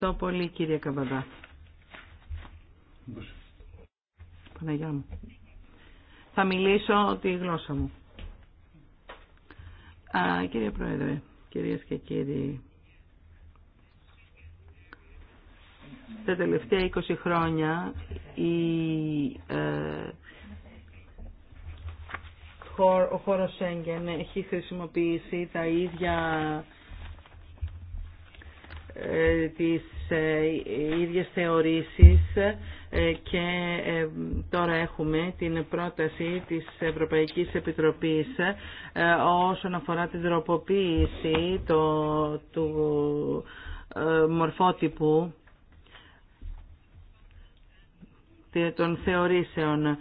Ευχαριστώ πολύ κύριε Καμπαντά. Παναγιά μου. Θα μιλήσω τη γλώσσα μου. Α, κύριε Πρόεδρε, κυρίες και κύριοι, τα τελευταία 20 χρόνια ε, ο χώρος Σέγγεν έχει χρησιμοποιήσει τα ίδια τις ε, ίδιες θεωρήσεις ε, και ε, τώρα έχουμε την πρόταση της Ευρωπαϊκής Επιτροπής όσον αφορά την τροποποίηση το, του μορφότυπου των θεωρήσεων.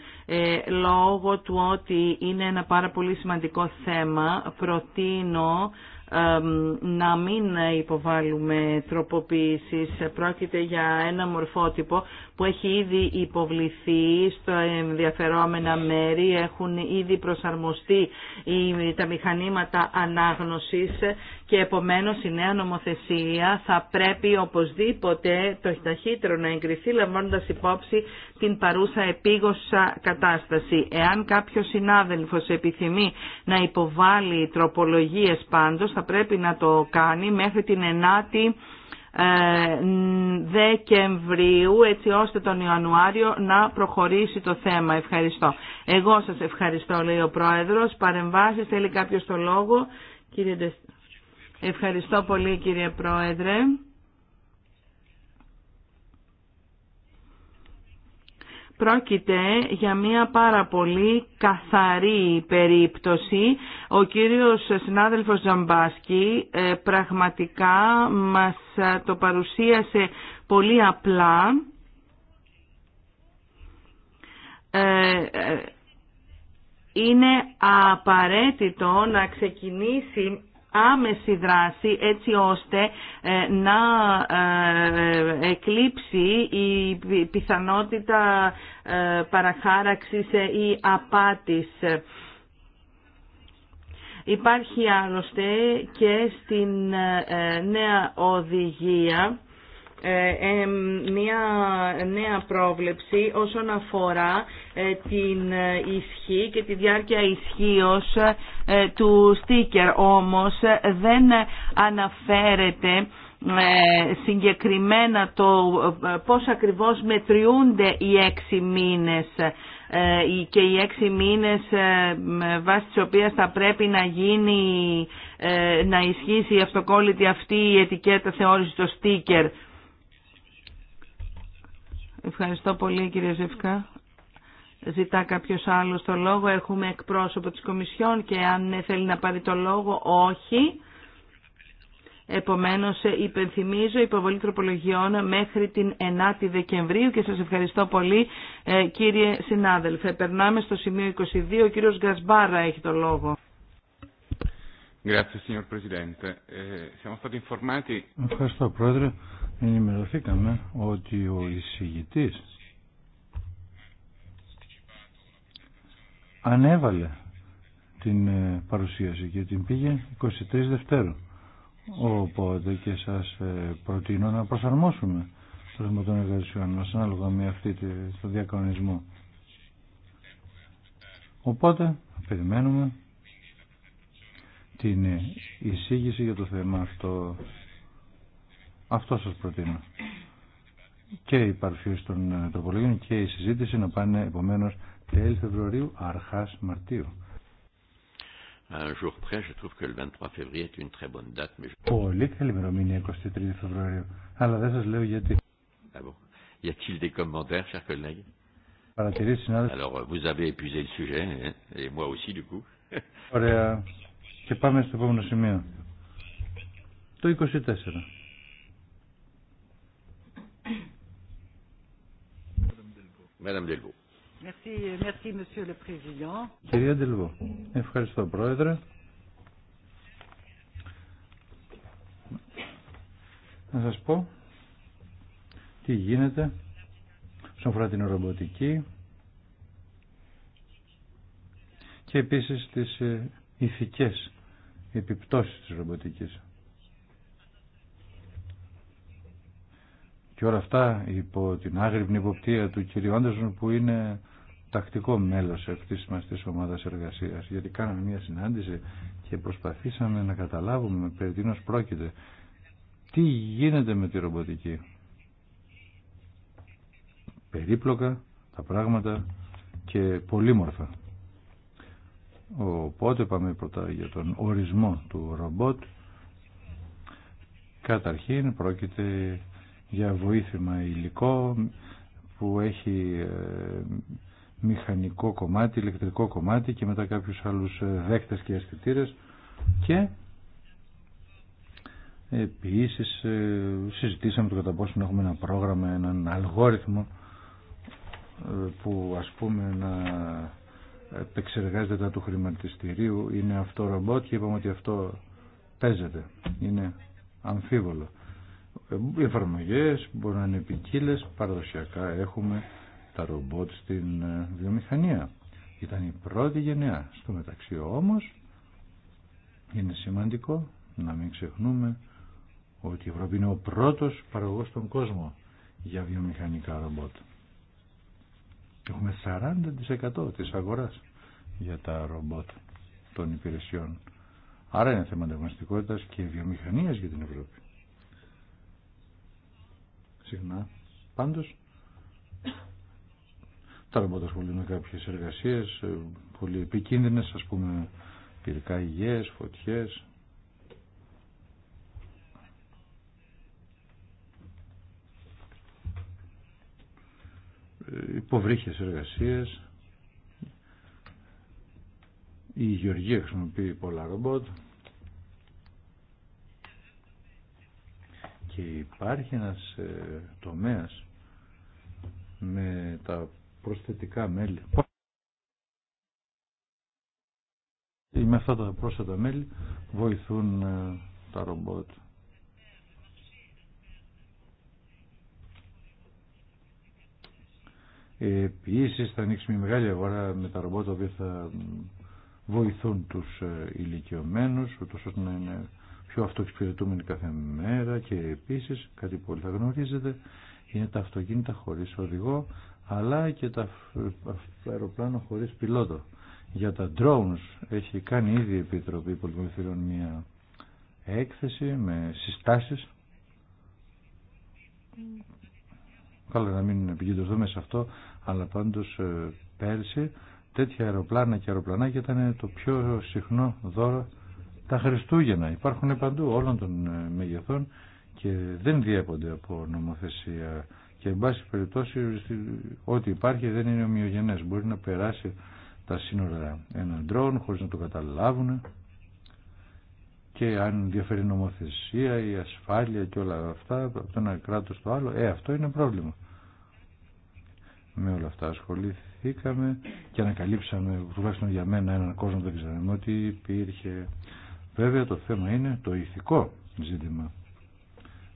λόγω του ότι είναι ένα πάρα πολύ σημαντικό θέμα, προτείνω να μην υποβάλουμε τροποποιήσεις. Πρόκειται για ένα μορφότυπο που έχει ήδη υποβληθεί στο ενδιαφερόμενα μέρη, έχουν ήδη προσαρμοστεί τα μηχανήματα ανάγνωσης και επομένως η νέα νομοθεσία θα πρέπει οπωσδήποτε το ταχύτερο να εγκριθεί λαμβάνοντας υπόψη την παρούσα επίγωσα κατάσταση. Εάν κάποιος συνάδελφος επιθυμεί να υποβάλει τροπολογίες πάντως θα πρέπει να το κάνει μέχρι την 9 Δεκεμβρίου έτσι ώστε τον Ιανουάριο να προχωρήσει το θέμα. Ευχαριστώ. Εγώ σας ευχαριστώ λέει ο Πρόεδρος. Παρεμβάσεις θέλει κάποιος το λόγο. Κύριε... Ευχαριστώ πολύ κύριε Πρόεδρε. Πρόκειται για μια πάρα πολύ καθαρή περίπτωση ο κύριος συνάδελφος Ζαμπάσκη ε, πραγματικά μας ε, το παρουσίασε πολύ απλά ε, είναι απαραίτητο να ξεκινήσει άμεση δράση έτσι ώστε να εκλείψει η πιθανότητα παραχάραξης ή απάτης. Υπάρχει άλλωστε και στην ε, νέα οδηγία ε, ε, μια νέα πρόβλεψη όσον αφορά την ισχύ και τη διάρκεια ισχύως του στίκερ. Όμως δεν αναφέρεται συγκεκριμένα το πώς ακριβώς μετριούνται οι έξι μήνες ε, και οι έξι μήνες ε, βάσει της οποίας θα πρέπει να γίνει ε, να ισχύσει η αυτοκόλλητη αυτή η ετικέτα θεώρηση το στίκερ. Ευχαριστώ πολύ κύριε Ζευκά. Ζητά κάποιος άλλος το λόγο. Έχουμε εκπρόσωπο της Κομισιόν και αν θέλει να πάρει το λόγο, όχι. Επομένως ε, υπενθυμίζω υποβολή τροπολογιών μέχρι την 9η Δεκεμβρίου και σας ευχαριστώ πολύ ε, κύριε συνάδελφε. Περνάμε στο σημείο 22. Ο κύριος Γκασμπάρα έχει το λόγο. Ε, ευχαριστώ πρόεδρε. Ενημερωθήκαμε ότι ο εισηγητής ανέβαλε την παρουσίαση και την πήγε 23 Δευτέρου. Οπότε και σας ε, προτείνω να προσαρμόσουμε το θέμα των εργασιών μας ανάλογα με αυτή το διακανονισμό. Οπότε περιμένουμε την εισήγηση για το θέμα αυτό. Αυτό σας προτείνω. Και η παρουσίαση των ε, τροπολογίων και η συζήτηση να πάνε επομένως τέλη Φεβρουαρίου, αρχάς Μαρτίου. Πολύ καλή ημερομηνία 23 Φεβρουαρίου. Αλλά δεν σα λέω γιατί. Ah Παρατηρήσει, euh, Ωραία. Και πάμε στο επόμενο σημείο. Το 24. Madame Delvaux. Κυρία Ντελβό, ευχαριστώ Πρόεδρε. Να σας πω τι γίνεται στον αφορά την ρομποτική και επίσης τις ε, ηθικές επιπτώσεις της ρομποτικής. Και όλα αυτά υπό την άγρυπνη υποπτία του κ. Άντερσον που είναι τακτικό μέλος αυτής μας της ομάδας εργασίας γιατί κάναμε μια συνάντηση και προσπαθήσαμε να καταλάβουμε περί τίνος πρόκειται τι γίνεται με τη ρομποτική περίπλοκα τα πράγματα και πολύμορφα οπότε πάμε πρώτα για τον ορισμό του ρομπότ καταρχήν πρόκειται για βοήθημα υλικό που έχει ε, μηχανικό κομμάτι, ηλεκτρικό κομμάτι και μετά κάποιους άλλους ε, δέκτες και αισθητήρε και επίσης ε, συζητήσαμε το κατά πόσο να έχουμε ένα πρόγραμμα, έναν αλγόριθμο που ας πούμε να επεξεργάζεται τα του χρηματιστηρίου είναι αυτό ρομπότ και είπαμε ότι αυτό παίζεται, είναι αμφίβολο οι ε, εφαρμογές μπορούν να είναι επικύλες, παραδοσιακά έχουμε τα ρομπότ στην ε, βιομηχανία. Ήταν η πρώτη γενιά. Στο μεταξύ όμως είναι σημαντικό να μην ξεχνούμε ότι η Ευρώπη είναι ο πρώτος παραγωγός στον κόσμο για βιομηχανικά ρομπότ. Έχουμε 40% της αγοράς για τα ρομπότ των υπηρεσιών. Άρα είναι θέμα και βιομηχανίας για την Ευρώπη συχνά. Πάντω, τα ρομπότα ασχολούνται με κάποιε εργασίες ε, πολύ επικίνδυνες, ας πούμε υγιέ, φωτιές. Ε, Υποβρύχες εργασίες. Η Γεωργία χρησιμοποιεί πολλά ρομπότ. και υπάρχει ένας ε, τομέας με τα προσθετικά μέλη. Με αυτά τα πρόσθετα μέλη βοηθούν ε, τα ρομπότ. Επίσης θα ανοίξει μια μεγάλη αγορά με τα ρομπότ που θα βοηθούν τους ε, ηλικιωμένους ούτως ώστε να είναι πιο αυτοεξυπηρετούμενοι κάθε μέρα και επίσης κάτι που όλοι θα γνωρίζετε είναι τα αυτοκίνητα χωρίς οδηγό αλλά και τα αεροπλάνα χωρίς πιλότο. Για τα drones έχει κάνει ήδη η Επιτροπή Πολυμεθυρών μια έκθεση με συστάσεις Καλά να μην επικεντρωθούμε σε αυτό, αλλά πάντως ε, πέρσι τέτοια αεροπλάνα και αεροπλανάκια ήταν το πιο συχνό δώρο τα Χριστούγεννα υπάρχουν παντού όλων των ε, μεγεθών και δεν διέπονται από νομοθεσία και εν πάση περιπτώσει ό,τι υπάρχει δεν είναι ομοιογενές. Μπορεί να περάσει τα σύνορα έναν ντρόν χωρίς να το καταλάβουν και αν διαφέρει η νομοθεσία, η ασφάλεια και όλα αυτά από το ένα κράτος στο άλλο, ε, αυτό είναι πρόβλημα. Με όλα αυτά ασχολήθηκαμε και ανακαλύψαμε, τουλάχιστον για μένα έναν κόσμο δεν ξέραμε ότι υπήρχε Βέβαια το θέμα είναι το ηθικό ζήτημα.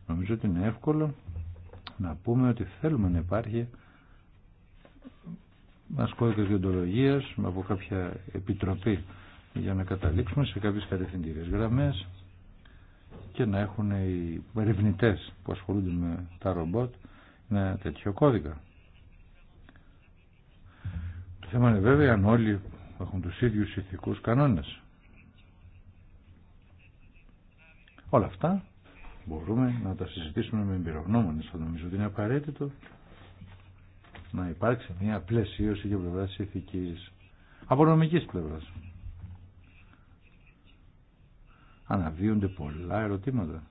Νομίζω ότι είναι εύκολο να πούμε ότι θέλουμε να υπάρχει ένα κώδικα διοντολογία από κάποια επιτροπή για να καταλήξουμε σε κάποιε κατευθυντήριε γραμμέ και να έχουν οι ερευνητέ που ασχολούνται με τα ρομπότ ένα τέτοιο κώδικα. Το θέμα είναι βέβαια αν όλοι έχουν του ίδιου ηθικού κανόνε. Όλα αυτά μπορούμε να τα συζητήσουμε με εμπειρογνώμονες. Θα νομίζω ότι είναι απαραίτητο να υπάρξει μια πλαισίωση για πλευρά της ηθικής, από πλευράς. πολλά ερωτήματα.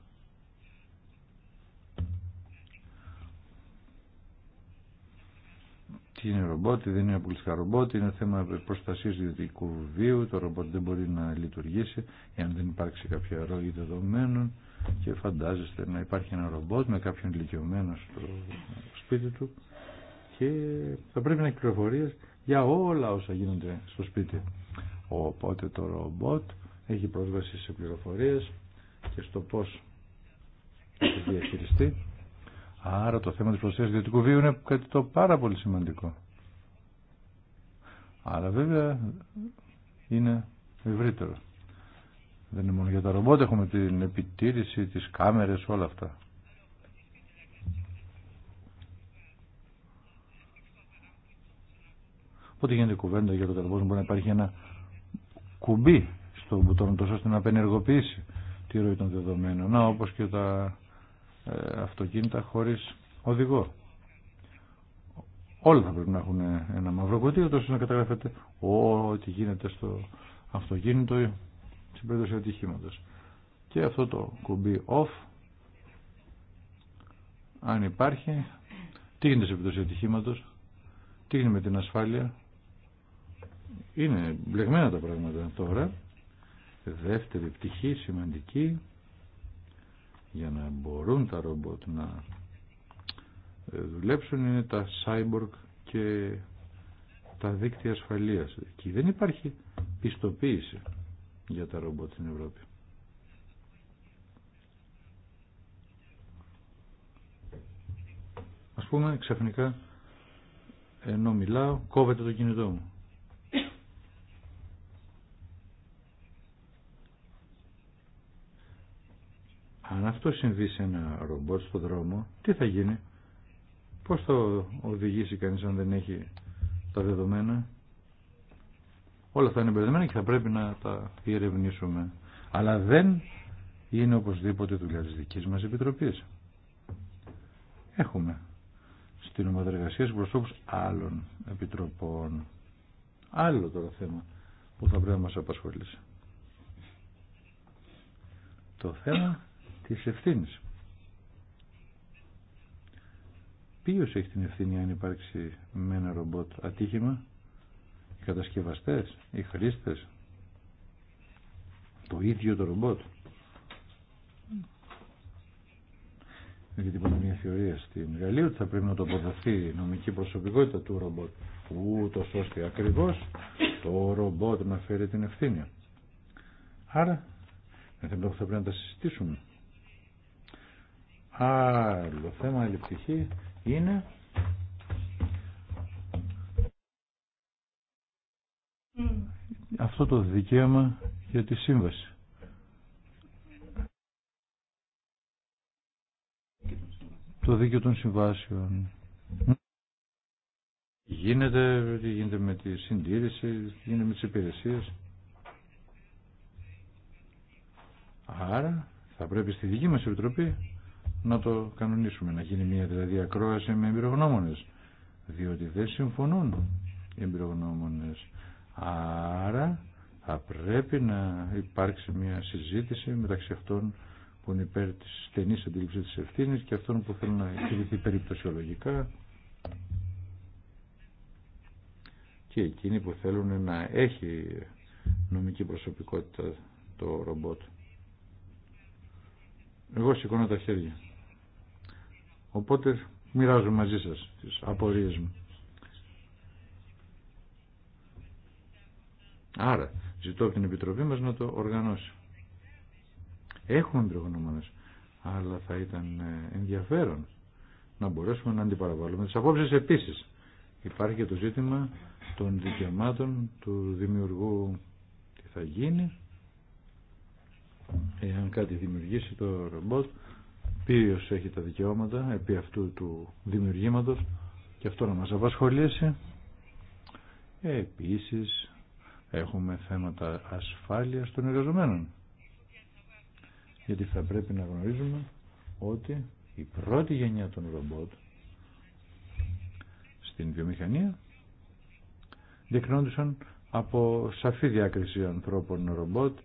τι είναι ρομπότ, δεν είναι αποκλειστικά ρομπότ, είναι θέμα προστασίας ιδιωτικού βίου, το ρομπότ δεν μπορεί να λειτουργήσει εάν δεν υπάρξει κάποια ροή δεδομένων και φαντάζεστε να υπάρχει ένα ρομπότ με κάποιον ηλικιωμένο στο σπίτι του και θα πρέπει να έχει πληροφορίε για όλα όσα γίνονται στο σπίτι. Οπότε το ρομπότ έχει πρόσβαση σε πληροφορίες και στο πώς διαχειριστεί Άρα το θέμα της προστασίας ιδιωτικού βίου είναι κάτι το πάρα πολύ σημαντικό. Άρα βέβαια είναι ευρύτερο. Δεν είναι μόνο για τα ρομπότ, έχουμε την επιτήρηση, τις κάμερες, όλα αυτά. Οπότε γίνεται κουβέντα για το τελικό μπορεί να υπάρχει ένα κουμπί στο μπουτόν τόσο ώστε να απενεργοποιήσει τη ροή των δεδομένων. Να όπως και τα ε, αυτοκίνητα χωρίς οδηγό. Όλα θα πρέπει να έχουν ένα μαύρο κουτί, να καταγράφεται ό,τι γίνεται στο αυτοκίνητο στην περίπτωση ατυχήματος. Και αυτό το κουμπί off, αν υπάρχει, τι γίνεται σε περίπτωση ατυχήματος, τι γίνεται με την ασφάλεια. Είναι μπλεγμένα τα πράγματα τώρα. Δεύτερη πτυχή σημαντική για να μπορούν τα ρομπότ να ε, δουλέψουν είναι τα cyborg και τα δίκτυα ασφαλείας. Εκεί δεν υπάρχει πιστοποίηση για τα ρομπότ στην Ευρώπη. Ας πούμε ξαφνικά ενώ μιλάω κόβεται το κινητό μου. Αν αυτό συμβεί σε ένα ρομπότ στο δρόμο, τι θα γίνει. Πώς θα οδηγήσει κανείς αν δεν έχει τα δεδομένα. Όλα αυτά είναι μπερδεμένα και θα πρέπει να τα διερευνήσουμε. Αλλά δεν είναι οπωσδήποτε δουλειά της δικής μας Επιτροπής. Έχουμε στην ομάδα εργασία προσώπους άλλων επιτροπών. Άλλο τώρα θέμα που θα πρέπει να μας απασχολήσει. Το θέμα της ευθύνης. Ποιος έχει την ευθύνη αν υπάρξει με ένα ρομπότ ατύχημα, οι κατασκευαστές, οι χρήστες, το ίδιο το ρομπότ. Γιατί υπάρχει μια θεωρία στην Γαλλία ότι θα πρέπει να το αποδοθεί η νομική προσωπικότητα του ρομπότ. Ούτω ώστε ακριβώ το ρομπότ να φέρει την ευθύνη. Άρα, με θα πρέπει να τα συζητήσουμε. Άλλο θέμα ελεπτυχή είναι αυτό το δικαίωμα για τη σύμβαση. Το δίκαιο των συμβάσεων. Τι γίνεται, γίνεται με τη συντήρηση, γίνεται με τις υπηρεσίες. Άρα θα πρέπει στη δική μας επιτροπή να το κανονίσουμε, να γίνει μια δηλαδή ακρόαση με εμπειρογνώμονες, διότι δεν συμφωνούν οι εμπειρογνώμονες. Άρα θα πρέπει να υπάρξει μια συζήτηση μεταξύ αυτών που είναι υπέρ της στενής αντίληψης της ευθύνης και αυτών που θέλουν να εξηγηθεί περιπτωσιολογικά και εκείνοι που θέλουν να έχει νομική προσωπικότητα το ρομπότ. Εγώ σηκώνω τα χέρια. Οπότε μοιράζομαι μαζί σας τις απορίες μου. Άρα, ζητώ από την Επιτροπή μας να το οργανώσει. Έχουμε εμπειρογνώμονες, αλλά θα ήταν ε, ενδιαφέρον να μπορέσουμε να αντιπαραβάλλουμε τις απόψεις επίσης. Υπάρχει και το ζήτημα των δικαιωμάτων του δημιουργού τι θα γίνει εάν κάτι δημιουργήσει το ρομπότ Πύριος έχει τα δικαιώματα επί αυτού του δημιουργήματος και αυτό να μας απασχολήσει. Ε, επίσης έχουμε θέματα ασφάλειας των εργαζομένων. Γιατί θα πρέπει να γνωρίζουμε ότι η πρώτη γενιά των ρομπότ στην βιομηχανία διεκνόντουσαν από σαφή διάκριση ανθρώπων ρομπότ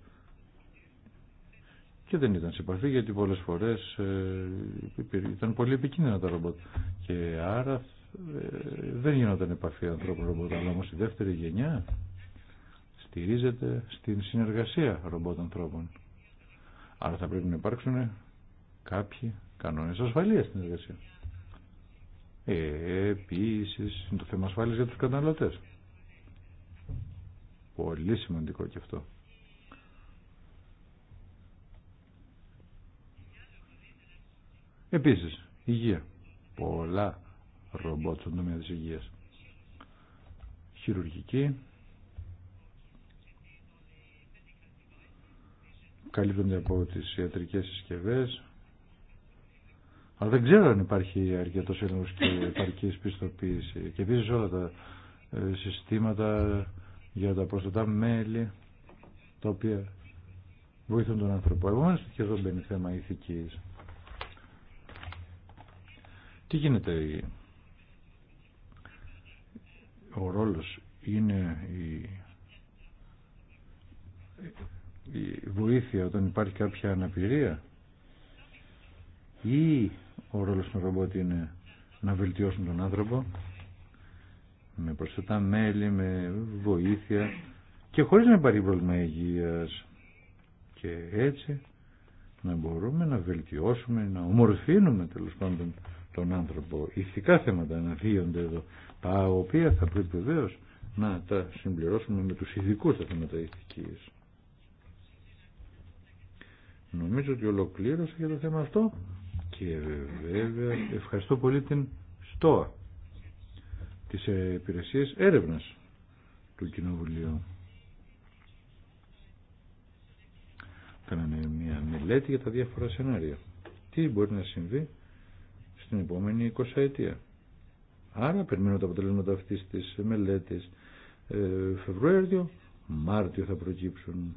και δεν ήταν σε επαφή γιατί πολλές φορές ε, ήταν πολύ επικίνδυνα τα ρομπότ και άρα ε, δεν γινόταν επαφή ανθρώπων ρομπότ αλλά όμως η δεύτερη γενιά στηρίζεται στην συνεργασία ρομπότ ανθρώπων άρα θα πρέπει να υπάρξουν κάποιοι κανόνες ασφαλείας στην εργασία ε, επίσης είναι το θέμα ασφάλειας για τους καταναλωτές πολύ σημαντικό και αυτό Επίση, υγεία. Πολλά ρομπότ στον τομέα τη υγεία. Χειρουργική. Καλύπτονται από τι ιατρικές συσκευέ, Αλλά δεν ξέρω αν υπάρχει αρκετός έλεγχο και επαρκή πιστοποίηση. Και επίσης όλα τα ε, συστήματα για τα προστατά μέλη τα οποία βοηθούν τον άνθρωπο. Επομένω, και εδώ μπαίνει θέμα ηθικής. Τι γίνεται, ο ρόλος είναι η, η βοήθεια όταν υπάρχει κάποια αναπηρία ή ο ρόλος του ρομπότ είναι να βελτιώσουν τον άνθρωπο με προσθετά μέλη, με βοήθεια και χωρίς να υπάρχει πρόβλημα υγείας και έτσι να μπορούμε να βελτιώσουμε, να ομορφύνουμε τέλο πάντων τον άνθρωπο. Ηθικά θέματα αναδύονται εδώ, τα οποία θα πρέπει βεβαίω να τα συμπληρώσουμε με τους ειδικού τα θέματα ηθικής. Νομίζω ότι ολοκλήρωσα για το θέμα αυτό και βέβαια ευχαριστώ πολύ την ΣΤΟΑ της Επιρεσίας έρευνας του Κοινοβουλίου. Κάναμε μια μελέτη για τα διάφορα σενάρια. Τι μπορεί να συμβεί στην επόμενη 20 ετία. Άρα περιμένω τα αποτελέσματα αυτής της μελέτης ε, Φεβρουάριο, Μάρτιο θα προκύψουν.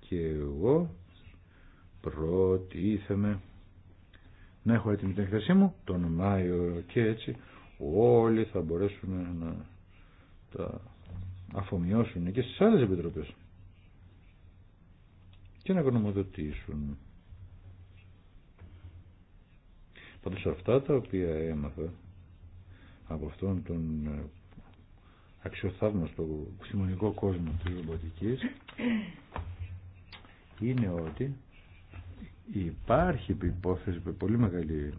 Και εγώ προτίθεμαι να έχω έτοιμη την εκθεσή μου τον Μάιο και έτσι όλοι θα μπορέσουν να τα αφομοιώσουν και στις άλλες επιτροπές και να γνωμοδοτήσουν. Πάντως αυτά τα οποία έμαθα από αυτόν τον ε, αξιοθαύμαστο ψημονικό κόσμο της ρομποτικής είναι ότι υπάρχει υπόθεση με πολύ μεγάλη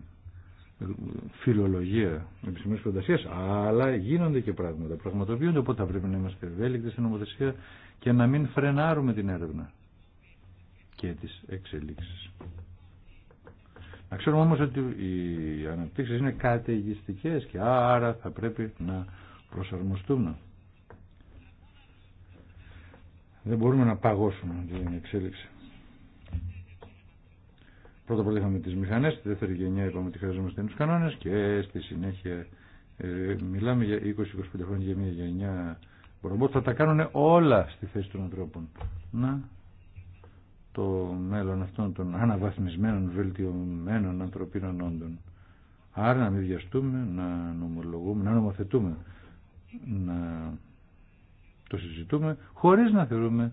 ε, φιλολογία επιστημονική φαντασίας αλλά γίνονται και πράγματα, πραγματοποιούνται, οπότε θα πρέπει να είμαστε ευέλικτοι στην νομοθεσία και να μην φρενάρουμε την έρευνα και τις εξελίξεις. Να ξέρουμε όμως ότι οι αναπτύξεις είναι καταιγιστικές και άρα θα πρέπει να προσαρμοστούμε. Δεν μπορούμε να παγώσουμε την εξέλιξη. Πρώτα πρώτα είχαμε τις μηχανές, στη δεύτερη γενιά είπαμε ότι χρειαζόμαστε τους κανόνες και στη συνέχεια ε, μιλάμε για 20-25 χρόνια για μια γενιά ρομπότ. Θα τα κάνουν όλα στη θέση των ανθρώπων. Να το μέλλον αυτών των αναβαθμισμένων, βελτιωμένων ανθρωπίνων όντων. Άρα να μην βιαστούμε, να νομολογούμε, να νομοθετούμε, να το συζητούμε, χωρίς να θεωρούμε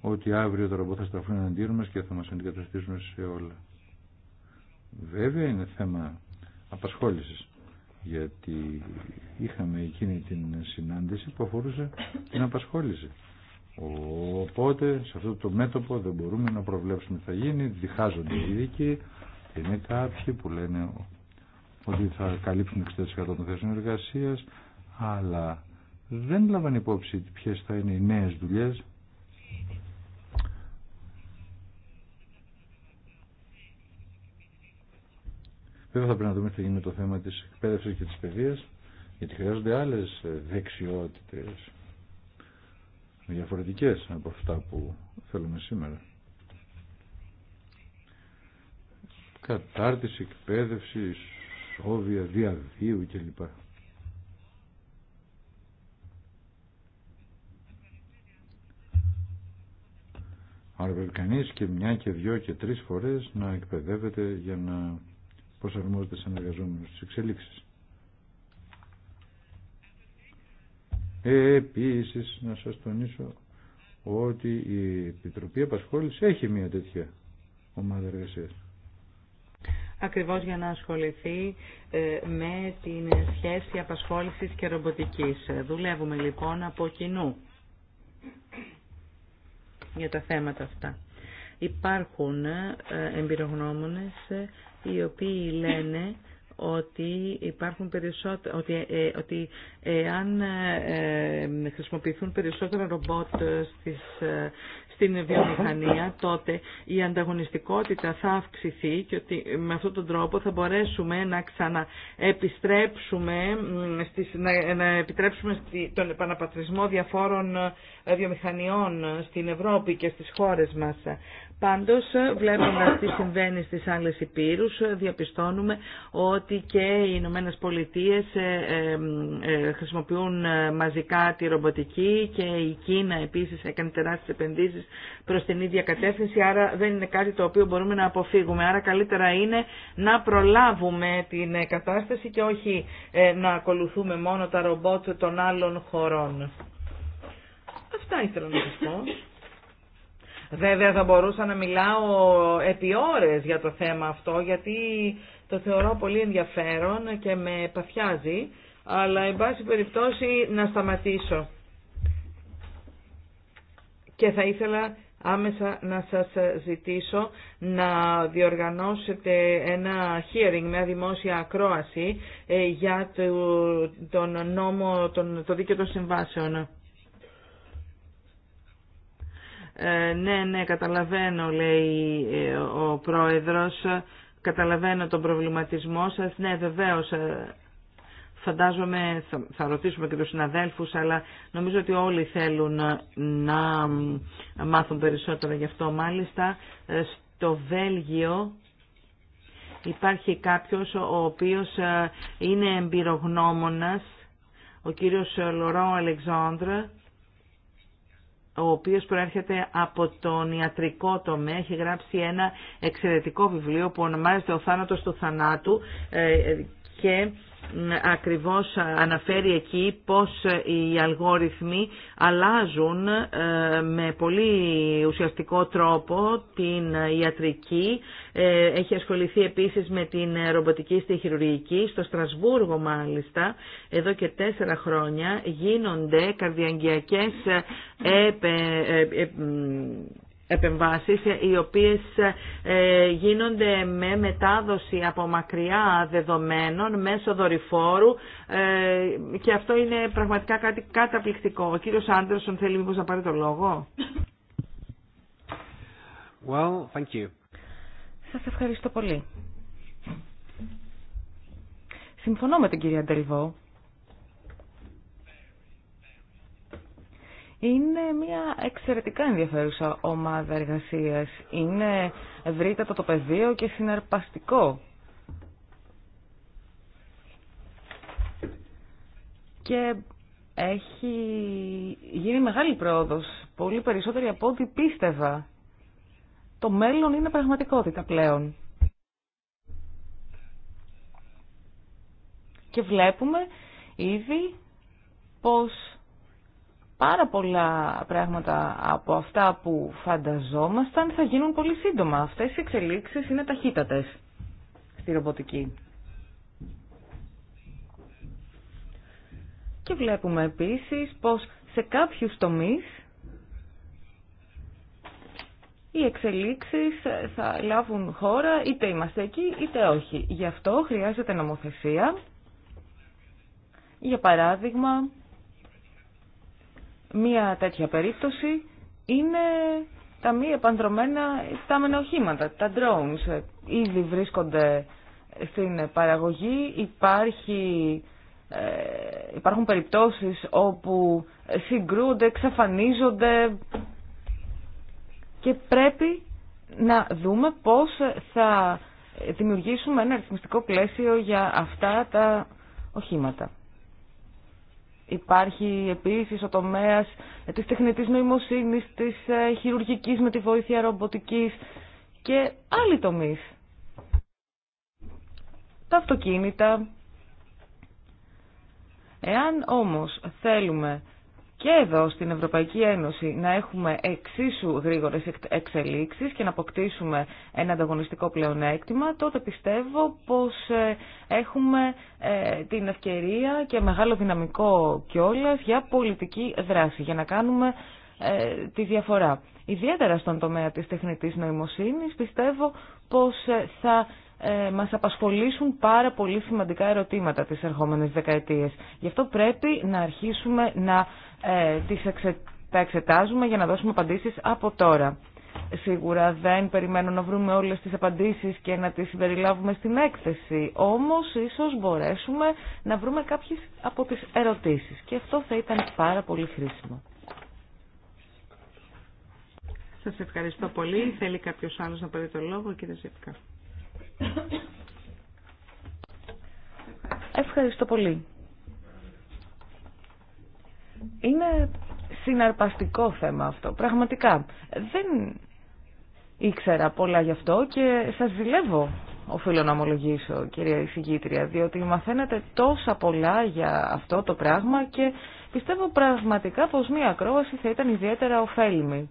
ότι αύριο το ρομπό θα στραφούν εναντίον μας και θα μας αντικαταστήσουν σε όλα. Βέβαια είναι θέμα απασχόλησης, γιατί είχαμε εκείνη την συνάντηση που αφορούσε την απασχόληση. Οπότε σε αυτό το μέτωπο δεν μπορούμε να προβλέψουμε τι θα γίνει, διχάζονται οι ειδικοί είναι κάποιοι που λένε ότι θα καλύψουν 60% των θέσεων εργασία, αλλά δεν λάβαν υπόψη ποιε θα είναι οι νέε δουλειέ. Βέβαια θα πρέπει να δούμε τι θα γίνει με το θέμα της εκπαίδευσης και της παιδείας, γιατί χρειάζονται άλλες δεξιότητες διαφορετικές από αυτά που θέλουμε σήμερα. Κατάρτιση, εκπαίδευση, σόβια, διαβίου κλπ. Άρα πρέπει κανείς και μια και δυο και τρεις φορές να εκπαιδεύεται για να προσαρμόζεται σαν εργαζόμενος στις εξελίξεις. Επίσης, να σας τονίσω ότι η Επιτροπή Απασχόληση έχει μια τέτοια ομάδα εργασίας. Ακριβώς για να ασχοληθεί ε, με την σχέση απασχόλησης και ρομποτικής. Δουλεύουμε λοιπόν από κοινού για τα θέματα αυτά. Υπάρχουν ε, εμπειρογνώμονες ε, οι οποίοι λένε ότι υπάρχουν περισσότερο, ότι, ε, ε, ότι ε, χρησιμοποιηθούν περισσότερα ρομπότ στις, στην βιομηχανία, τότε η ανταγωνιστικότητα θα αυξηθεί και ότι με αυτόν τον τρόπο θα μπορέσουμε να ξαναεπιστρέψουμε, στις, να, επιτρέψουμε τον επαναπατρισμό διαφόρων βιομηχανιών στην Ευρώπη και στις χώρες μας. Πάντως, βλέποντας τι συμβαίνει στις άλλες υπήρους, διαπιστώνουμε ότι και οι Ηνωμένε Πολιτείε ε, ε, ε, χρησιμοποιούν μαζικά τη ρομποτική και η Κίνα επίσης έκανε τεράστιες επενδύσεις προς την ίδια κατεύθυνση, άρα δεν είναι κάτι το οποίο μπορούμε να αποφύγουμε. Άρα καλύτερα είναι να προλάβουμε την κατάσταση και όχι να ακολουθούμε μόνο τα ρομπότ των άλλων χωρών. Αυτά ήθελα να σας πω. Βέβαια θα μπορούσα να μιλάω επί ώρες για το θέμα αυτό γιατί το θεωρώ πολύ ενδιαφέρον και με παθιάζει αλλά εν πάση περιπτώσει να σταματήσω. Και θα ήθελα άμεσα να σας ζητήσω να διοργανώσετε ένα hearing, μια δημόσια ακρόαση ε, για τον νόμο, τον, το δίκαιο των συμβάσεων. Ε, ναι, ναι, καταλαβαίνω, λέει ε, ο πρόεδρος, καταλαβαίνω τον προβληματισμό σας. Ναι, βεβαίως, ε, φαντάζομαι, θα, θα ρωτήσουμε και τους συναδέλφους, αλλά νομίζω ότι όλοι θέλουν να μάθουν περισσότερα γι' αυτό. Μάλιστα, στο Βέλγιο υπάρχει κάποιος ο οποίος είναι εμπειρογνώμονας, ο κύριος Λωρό Αλεξάνδρα, ο οποίος προέρχεται από τον ιατρικό τομέα, έχει γράψει ένα εξαιρετικό βιβλίο που ονομάζεται «Ο θάνατος του θανάτου» ε, ε, και ναι, ακριβώς αναφέρει εκεί πώς ε, οι αλγόριθμοι αλλάζουν ε, με πολύ ουσιαστικό τρόπο την ε, ιατρική. Έχει ασχοληθεί επίσης με την ρομποτική στη χειρουργική. Στο Στρασβούργο μάλιστα, εδώ και τέσσερα χρόνια, γίνονται καρδιαγγειακές επε επεμβάσεις οι οποίες ε, γίνονται με μετάδοση από μακριά δεδομένων μέσω δορυφόρου ε, και αυτό είναι πραγματικά κάτι καταπληκτικό. Ο κύριος Άντερσον θέλει μήπως να πάρει το λόγο. Well, thank you. Σας ευχαριστώ πολύ. Συμφωνώ με τον κύριο Ντελβό είναι μια εξαιρετικά ενδιαφέρουσα ομάδα εργασίας. Είναι ευρύτατο το πεδίο και συναρπαστικό. Και έχει γίνει μεγάλη πρόοδος, πολύ περισσότερη από ό,τι πίστευα. Το μέλλον είναι πραγματικότητα πλέον. Και βλέπουμε ήδη πως πάρα πολλά πράγματα από αυτά που φανταζόμασταν θα γίνουν πολύ σύντομα. Αυτές οι εξελίξεις είναι ταχύτατες στη ρομποτική. Και βλέπουμε επίσης πως σε κάποιους τομείς οι εξελίξεις θα λάβουν χώρα είτε είμαστε εκεί είτε όχι. Γι' αυτό χρειάζεται νομοθεσία. Για παράδειγμα, Μία τέτοια περίπτωση είναι τα μη επανδρομένα μεν οχήματα, τα drones. Ήδη βρίσκονται στην παραγωγή, υπάρχει, ε, υπάρχουν περιπτώσεις όπου συγκρούνται, εξαφανίζονται και πρέπει να δούμε πώς θα δημιουργήσουμε ένα αριθμιστικό πλαίσιο για αυτά τα οχήματα. Υπάρχει επίσης ο τομέας ε, της τεχνητής νοημοσύνης, της ε, χειρουργικής με τη βοήθεια ρομποτικής και άλλοι τομείς. Τα αυτοκίνητα. Εάν όμως θέλουμε και εδώ στην Ευρωπαϊκή Ένωση να έχουμε εξίσου γρήγορες εξελίξεις και να αποκτήσουμε ένα ανταγωνιστικό πλεονέκτημα, τότε πιστεύω πως ε, έχουμε ε, την ευκαιρία και μεγάλο δυναμικό κιόλα για πολιτική δράση, για να κάνουμε ε, τη διαφορά. Ιδιαίτερα στον τομέα της τεχνητής νοημοσύνης πιστεύω πως θα μας απασχολήσουν πάρα πολύ σημαντικά ερωτήματα τις ερχόμενες δεκαετίες. Γι' αυτό πρέπει να αρχίσουμε να ε, τις τα εξετάζουμε για να δώσουμε απαντήσεις από τώρα. Σίγουρα δεν περιμένω να βρούμε όλες τις απαντήσεις και να τις συμπεριλάβουμε στην έκθεση, όμως ίσως μπορέσουμε να βρούμε κάποιες από τις ερωτήσεις και αυτό θα ήταν πάρα πολύ χρήσιμο. Σας ευχαριστώ πολύ. Θέλει κάποιος άλλος να πάρει το λόγο, κύριε Ζήπκα. Ευχαριστώ πολύ. Είναι συναρπαστικό θέμα αυτό, πραγματικά. Δεν ήξερα πολλά γι' αυτό και σας ζηλεύω, οφείλω να ομολογήσω, κυρία εισηγήτρια, διότι μαθαίνετε τόσα πολλά για αυτό το πράγμα και πιστεύω πραγματικά πως μία ακρόαση θα ήταν ιδιαίτερα ωφέλιμη.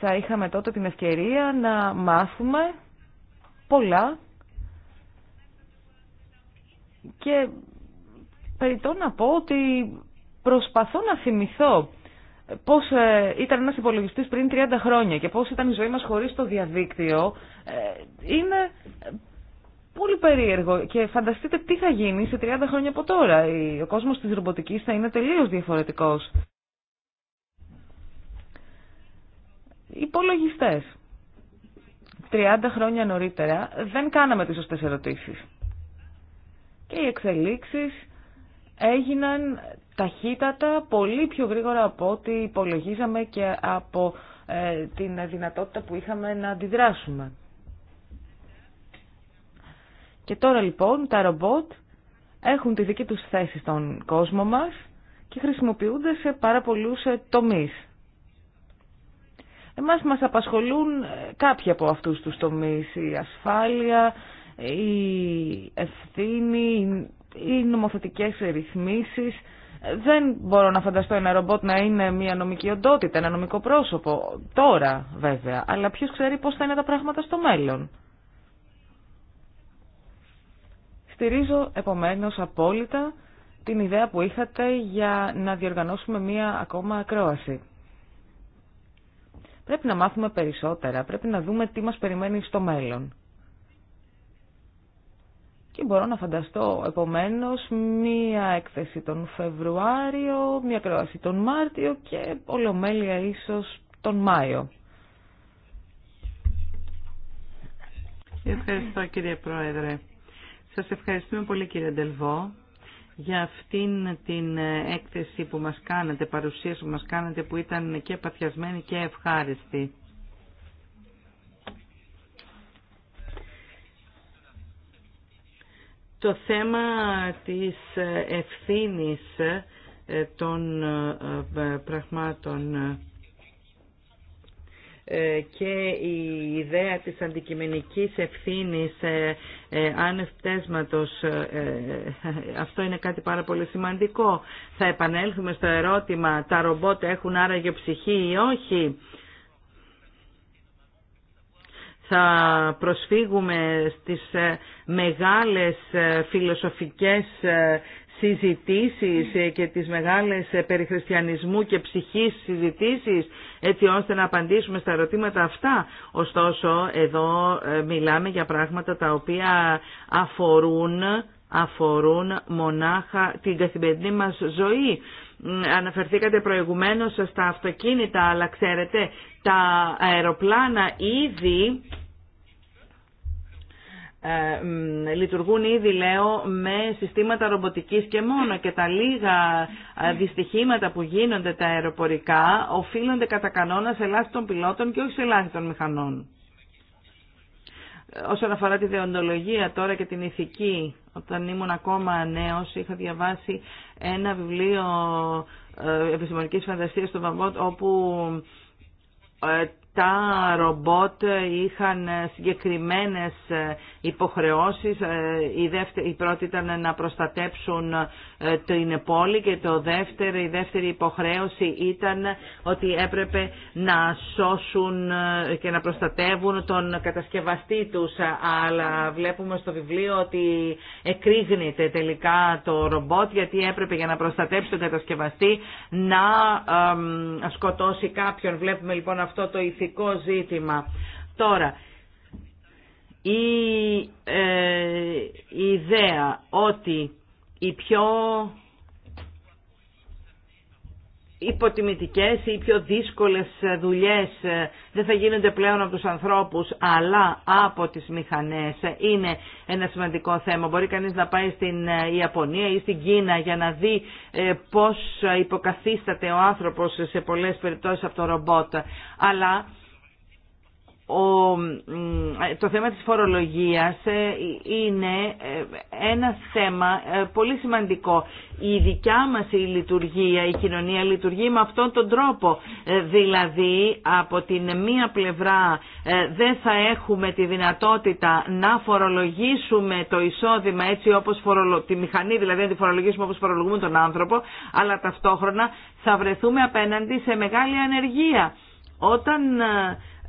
Θα είχαμε τότε την ευκαιρία να μάθουμε πολλά και περιτώ να πω ότι προσπαθώ να θυμηθώ πώς ε, ήταν ένας υπολογιστής πριν 30 χρόνια και πώς ήταν η ζωή μας χωρίς το διαδίκτυο, ε, είναι ε, πολύ περίεργο. Και φανταστείτε τι θα γίνει σε 30 χρόνια από τώρα. Ο κόσμος της ρομποτικής θα είναι τελείως διαφορετικός. Υπολογιστές. 30 χρόνια νωρίτερα δεν κάναμε τις σωστές ερωτήσεις. Και οι εξελίξεις έγιναν ταχύτατα, πολύ πιο γρήγορα από ό,τι υπολογίζαμε και από ε, την δυνατότητα που είχαμε να αντιδράσουμε. Και τώρα λοιπόν τα ρομπότ έχουν τη δική τους θέση στον κόσμο μας και χρησιμοποιούνται σε πάρα πολλούς ε, τομείς. Εμάς μας απασχολούν ε, κάποιοι από αυτούς τους τομείς, η ασφάλεια, η ευθύνη, οι νομοθετικές ρυθμίσεις, δεν μπορώ να φανταστώ ένα ρομπότ να είναι μια νομική οντότητα, ένα νομικό πρόσωπο. Τώρα βέβαια, αλλά ποιο ξέρει πώς θα είναι τα πράγματα στο μέλλον. Στηρίζω επομένως απόλυτα την ιδέα που είχατε για να διοργανώσουμε μία ακόμα ακρόαση. Πρέπει να μάθουμε περισσότερα, πρέπει να δούμε τι μας περιμένει στο μέλλον. Και μπορώ να φανταστώ επομένως μία έκθεση τον Φεβρουάριο, μία κρόαση τον Μάρτιο και ολομέλεια ίσως τον Μάιο. Ευχαριστώ κύριε Πρόεδρε. Σας ευχαριστούμε πολύ κύριε Ντελβό για αυτήν την έκθεση που μας κάνατε, παρουσίαση που μας κάνατε που ήταν και παθιασμένη και ευχάριστη. Το θέμα της ευθύνης ε, των ε, πραγμάτων ε, και η ιδέα της αντικειμενικής ευθύνης άνευ πτέσματος, αυτό είναι κάτι πάρα πολύ σημαντικό. Θα επανέλθουμε στο ερώτημα, τα ρομπότ έχουν άραγε ψυχή ή όχι θα προσφύγουμε στις ε, μεγάλες ε, φιλοσοφικές ε, συζητήσεις και τις μεγάλες περιχριστιανισμού και ψυχής συζητήσεις έτσι ώστε να απαντήσουμε στα ερωτήματα αυτά. Ωστόσο, εδώ μιλάμε για πράγματα τα οποία αφορούν, αφορούν μονάχα την καθημερινή μας ζωή. Αναφερθήκατε προηγουμένως στα αυτοκίνητα, αλλά ξέρετε, τα αεροπλάνα ήδη ε, λειτουργούν ήδη λέω με συστήματα ρομποτικής και μόνο και τα λίγα ε, δυστυχήματα που γίνονται τα αεροπορικά οφείλονται κατά κανόνα σε λάθη πιλότων και όχι σε λάθη μηχανών. Ε, όσον αφορά τη δεοντολογία τώρα και την ηθική, όταν ήμουν ακόμα νέος είχα διαβάσει ένα βιβλίο επιστημονικής φαντασίας στο Βαμπότ όπου τα ρομπότ είχαν συγκεκριμένες υποχρεώσεις. Ε, η, δεύτερη, η πρώτη ήταν να προστατέψουν ε, την πόλη και το δεύτερο, η δεύτερη υποχρέωση ήταν ότι έπρεπε να σώσουν ε, και να προστατεύουν τον κατασκευαστή τους. Αλλά βλέπουμε στο βιβλίο ότι εκρήγνεται τελικά το ρομπότ γιατί έπρεπε για να προστατέψει τον κατασκευαστή να σκοτώσει κάποιον. Βλέπουμε λοιπόν αυτό το ηθικό ζήτημα. Τώρα, ε, η, ιδέα ότι οι πιο υποτιμητικές ή πιο δύσκολες δουλειές ε, δεν θα γίνονται πλέον από τους ανθρώπους αλλά από τις μηχανές ε, είναι ένα σημαντικό θέμα. Μπορεί κανείς να πάει στην Ιαπωνία ή στην Κίνα για να δει πώς υποκαθίσταται ο άνθρωπος σε πολλές περιπτώσεις από το ρομπότ. Αλλά το θέμα της φορολογίας ε, είναι ε, ένα θέμα ε, πολύ σημαντικό. Η δικιά μας η λειτουργία, η κοινωνία λειτουργεί με αυτόν τον τρόπο. Δηλαδή από την μία πλευρά δεν θα έχουμε τη δυνατότητα να φορολογήσουμε το εισόδημα έτσι όπως φορολο... τη μηχανή δηλαδή να τη φορολογήσουμε όπως φορολογούμε τον άνθρωπο αλλά ταυτόχρονα θα βρεθούμε απέναντι σε μεγάλη ανεργία. Όταν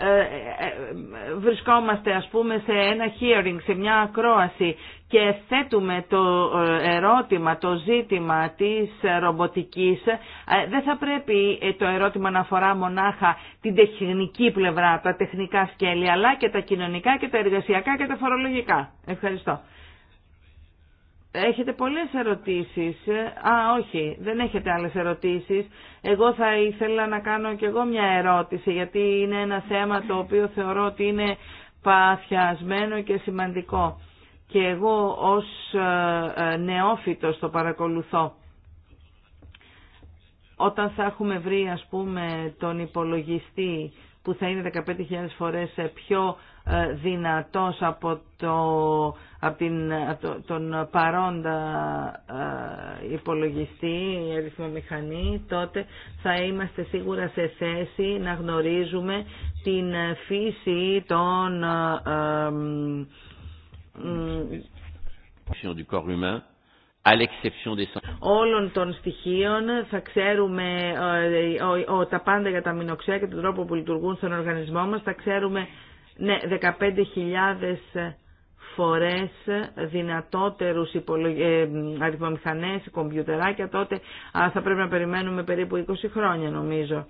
ε, ε, ε, βρισκόμαστε ας πούμε σε ένα hearing, σε μια ακρόαση και θέτουμε το ερώτημα, το ζήτημα της ρομποτικής, δεν θα πρέπει το ερώτημα να αφορά μονάχα την τεχνική πλευρά, τα τεχνικά σκέλη, αλλά και τα κοινωνικά και τα εργασιακά και τα φορολογικά. Ευχαριστώ. Έχετε πολλές ερωτήσεις. Α, όχι, δεν έχετε άλλες ερωτήσεις. Εγώ θα ήθελα να κάνω κι εγώ μια ερώτηση, γιατί είναι ένα θέμα το οποίο θεωρώ ότι είναι παθιασμένο και σημαντικό. Και εγώ ως ε, ε, νεόφυτος το παρακολουθώ. Όταν θα έχουμε βρει, ας πούμε, τον υπολογιστή που θα είναι 15.000 φορές ε, πιο δυνατός από το από, τον παρόντα ε, υπολογιστή, αριθμομηχανή, τότε θα είμαστε σίγουρα σε θέση να γνωρίζουμε την φύση των ε, ε, όλων των στοιχείων θα ξέρουμε τα πάντα για τα μηνοξέα και τον τρόπο που λειτουργούν στον οργανισμό μας θα ξέρουμε ναι, 15.000 φορές δυνατότερους ε, αριθμομηχανές, κομπιουτεράκια, τότε θα πρέπει να περιμένουμε περίπου 20 χρόνια νομίζω.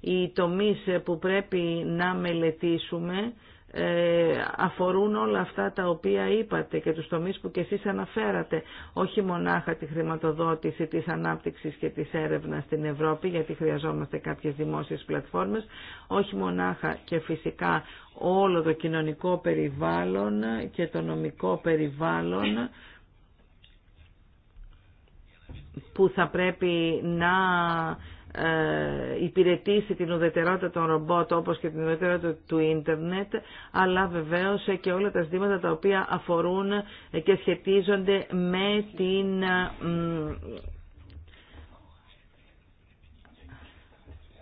Οι τομείς που πρέπει να μελετήσουμε ε, αφορούν όλα αυτά τα οποία είπατε και τους τομείς που και εσείς αναφέρατε, όχι μονάχα τη χρηματοδότηση της ανάπτυξης και της έρευνας στην Ευρώπη, γιατί χρειαζόμαστε κάποιες δημόσιες πλατφόρμες, όχι μονάχα και φυσικά όλο το κοινωνικό περιβάλλον και το νομικό περιβάλλον, που θα πρέπει να ε, υπηρετήσει την ουδετερότητα των ρομπότ όπως και την ουδετερότητα του ίντερνετ αλλά βεβαίως και όλα τα ζητήματα τα οποία αφορούν και σχετίζονται με την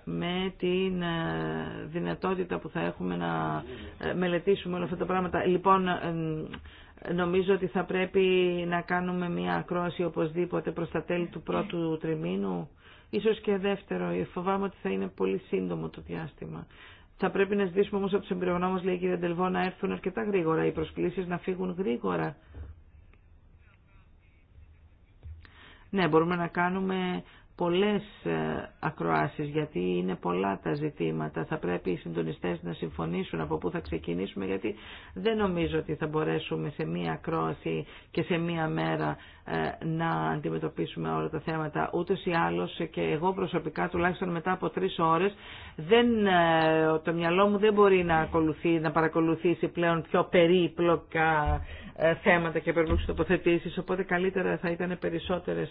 με την ε, δυνατότητα που θα έχουμε να ε, μελετήσουμε όλα αυτά τα πράγματα. Λοιπόν, νομίζω ότι θα πρέπει να κάνουμε μια ακρόαση οπωσδήποτε προς τα τέλη του πρώτου τριμήνου ίσως και δεύτερο. Ε, φοβάμαι ότι θα είναι πολύ σύντομο το διάστημα. Θα πρέπει να ζητήσουμε όμως από τους εμπειρογνώμους, λέει η κυρία Ντελβό, να έρθουν αρκετά γρήγορα. Οι προσκλήσεις να φύγουν γρήγορα. Ναι, μπορούμε να κάνουμε πολλές ε, ακροάσεις γιατί είναι πολλά τα ζητήματα. Θα πρέπει οι συντονιστές να συμφωνήσουν από πού θα ξεκινήσουμε γιατί δεν νομίζω ότι θα μπορέσουμε σε μία ακρόαση και σε μία μέρα ε, να αντιμετωπίσουμε όλα τα θέματα. Ούτε ή άλλως και εγώ προσωπικά τουλάχιστον μετά από τρεις ώρες δεν, ε, το μυαλό μου δεν μπορεί να, ακολουθεί, να παρακολουθήσει πλέον πιο περίπλοκα θέματα και περίπλοκες τοποθετήσεις οπότε καλύτερα θα ήταν περισσότερες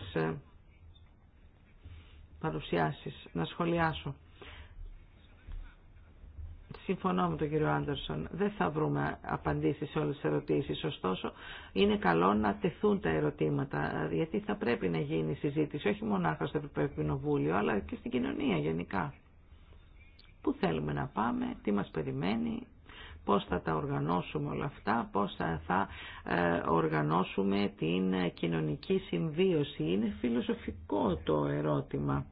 παρουσιάσεις, να σχολιάσω. Συμφωνώ με τον κύριο Άντερσον. Δεν θα βρούμε απαντήσεις σε όλες τις ερωτήσεις. Ωστόσο, είναι καλό να τεθούν τα ερωτήματα, γιατί θα πρέπει να γίνει συζήτηση, όχι μονάχα στο Ευρωπαϊκό Κοινοβούλιο, αλλά και στην κοινωνία γενικά. Πού θέλουμε να πάμε, τι μας περιμένει, πώς θα τα οργανώσουμε όλα αυτά, πώς θα ε, οργανώσουμε την κοινωνική συμβίωση. Είναι φιλοσοφικό το ερώτημα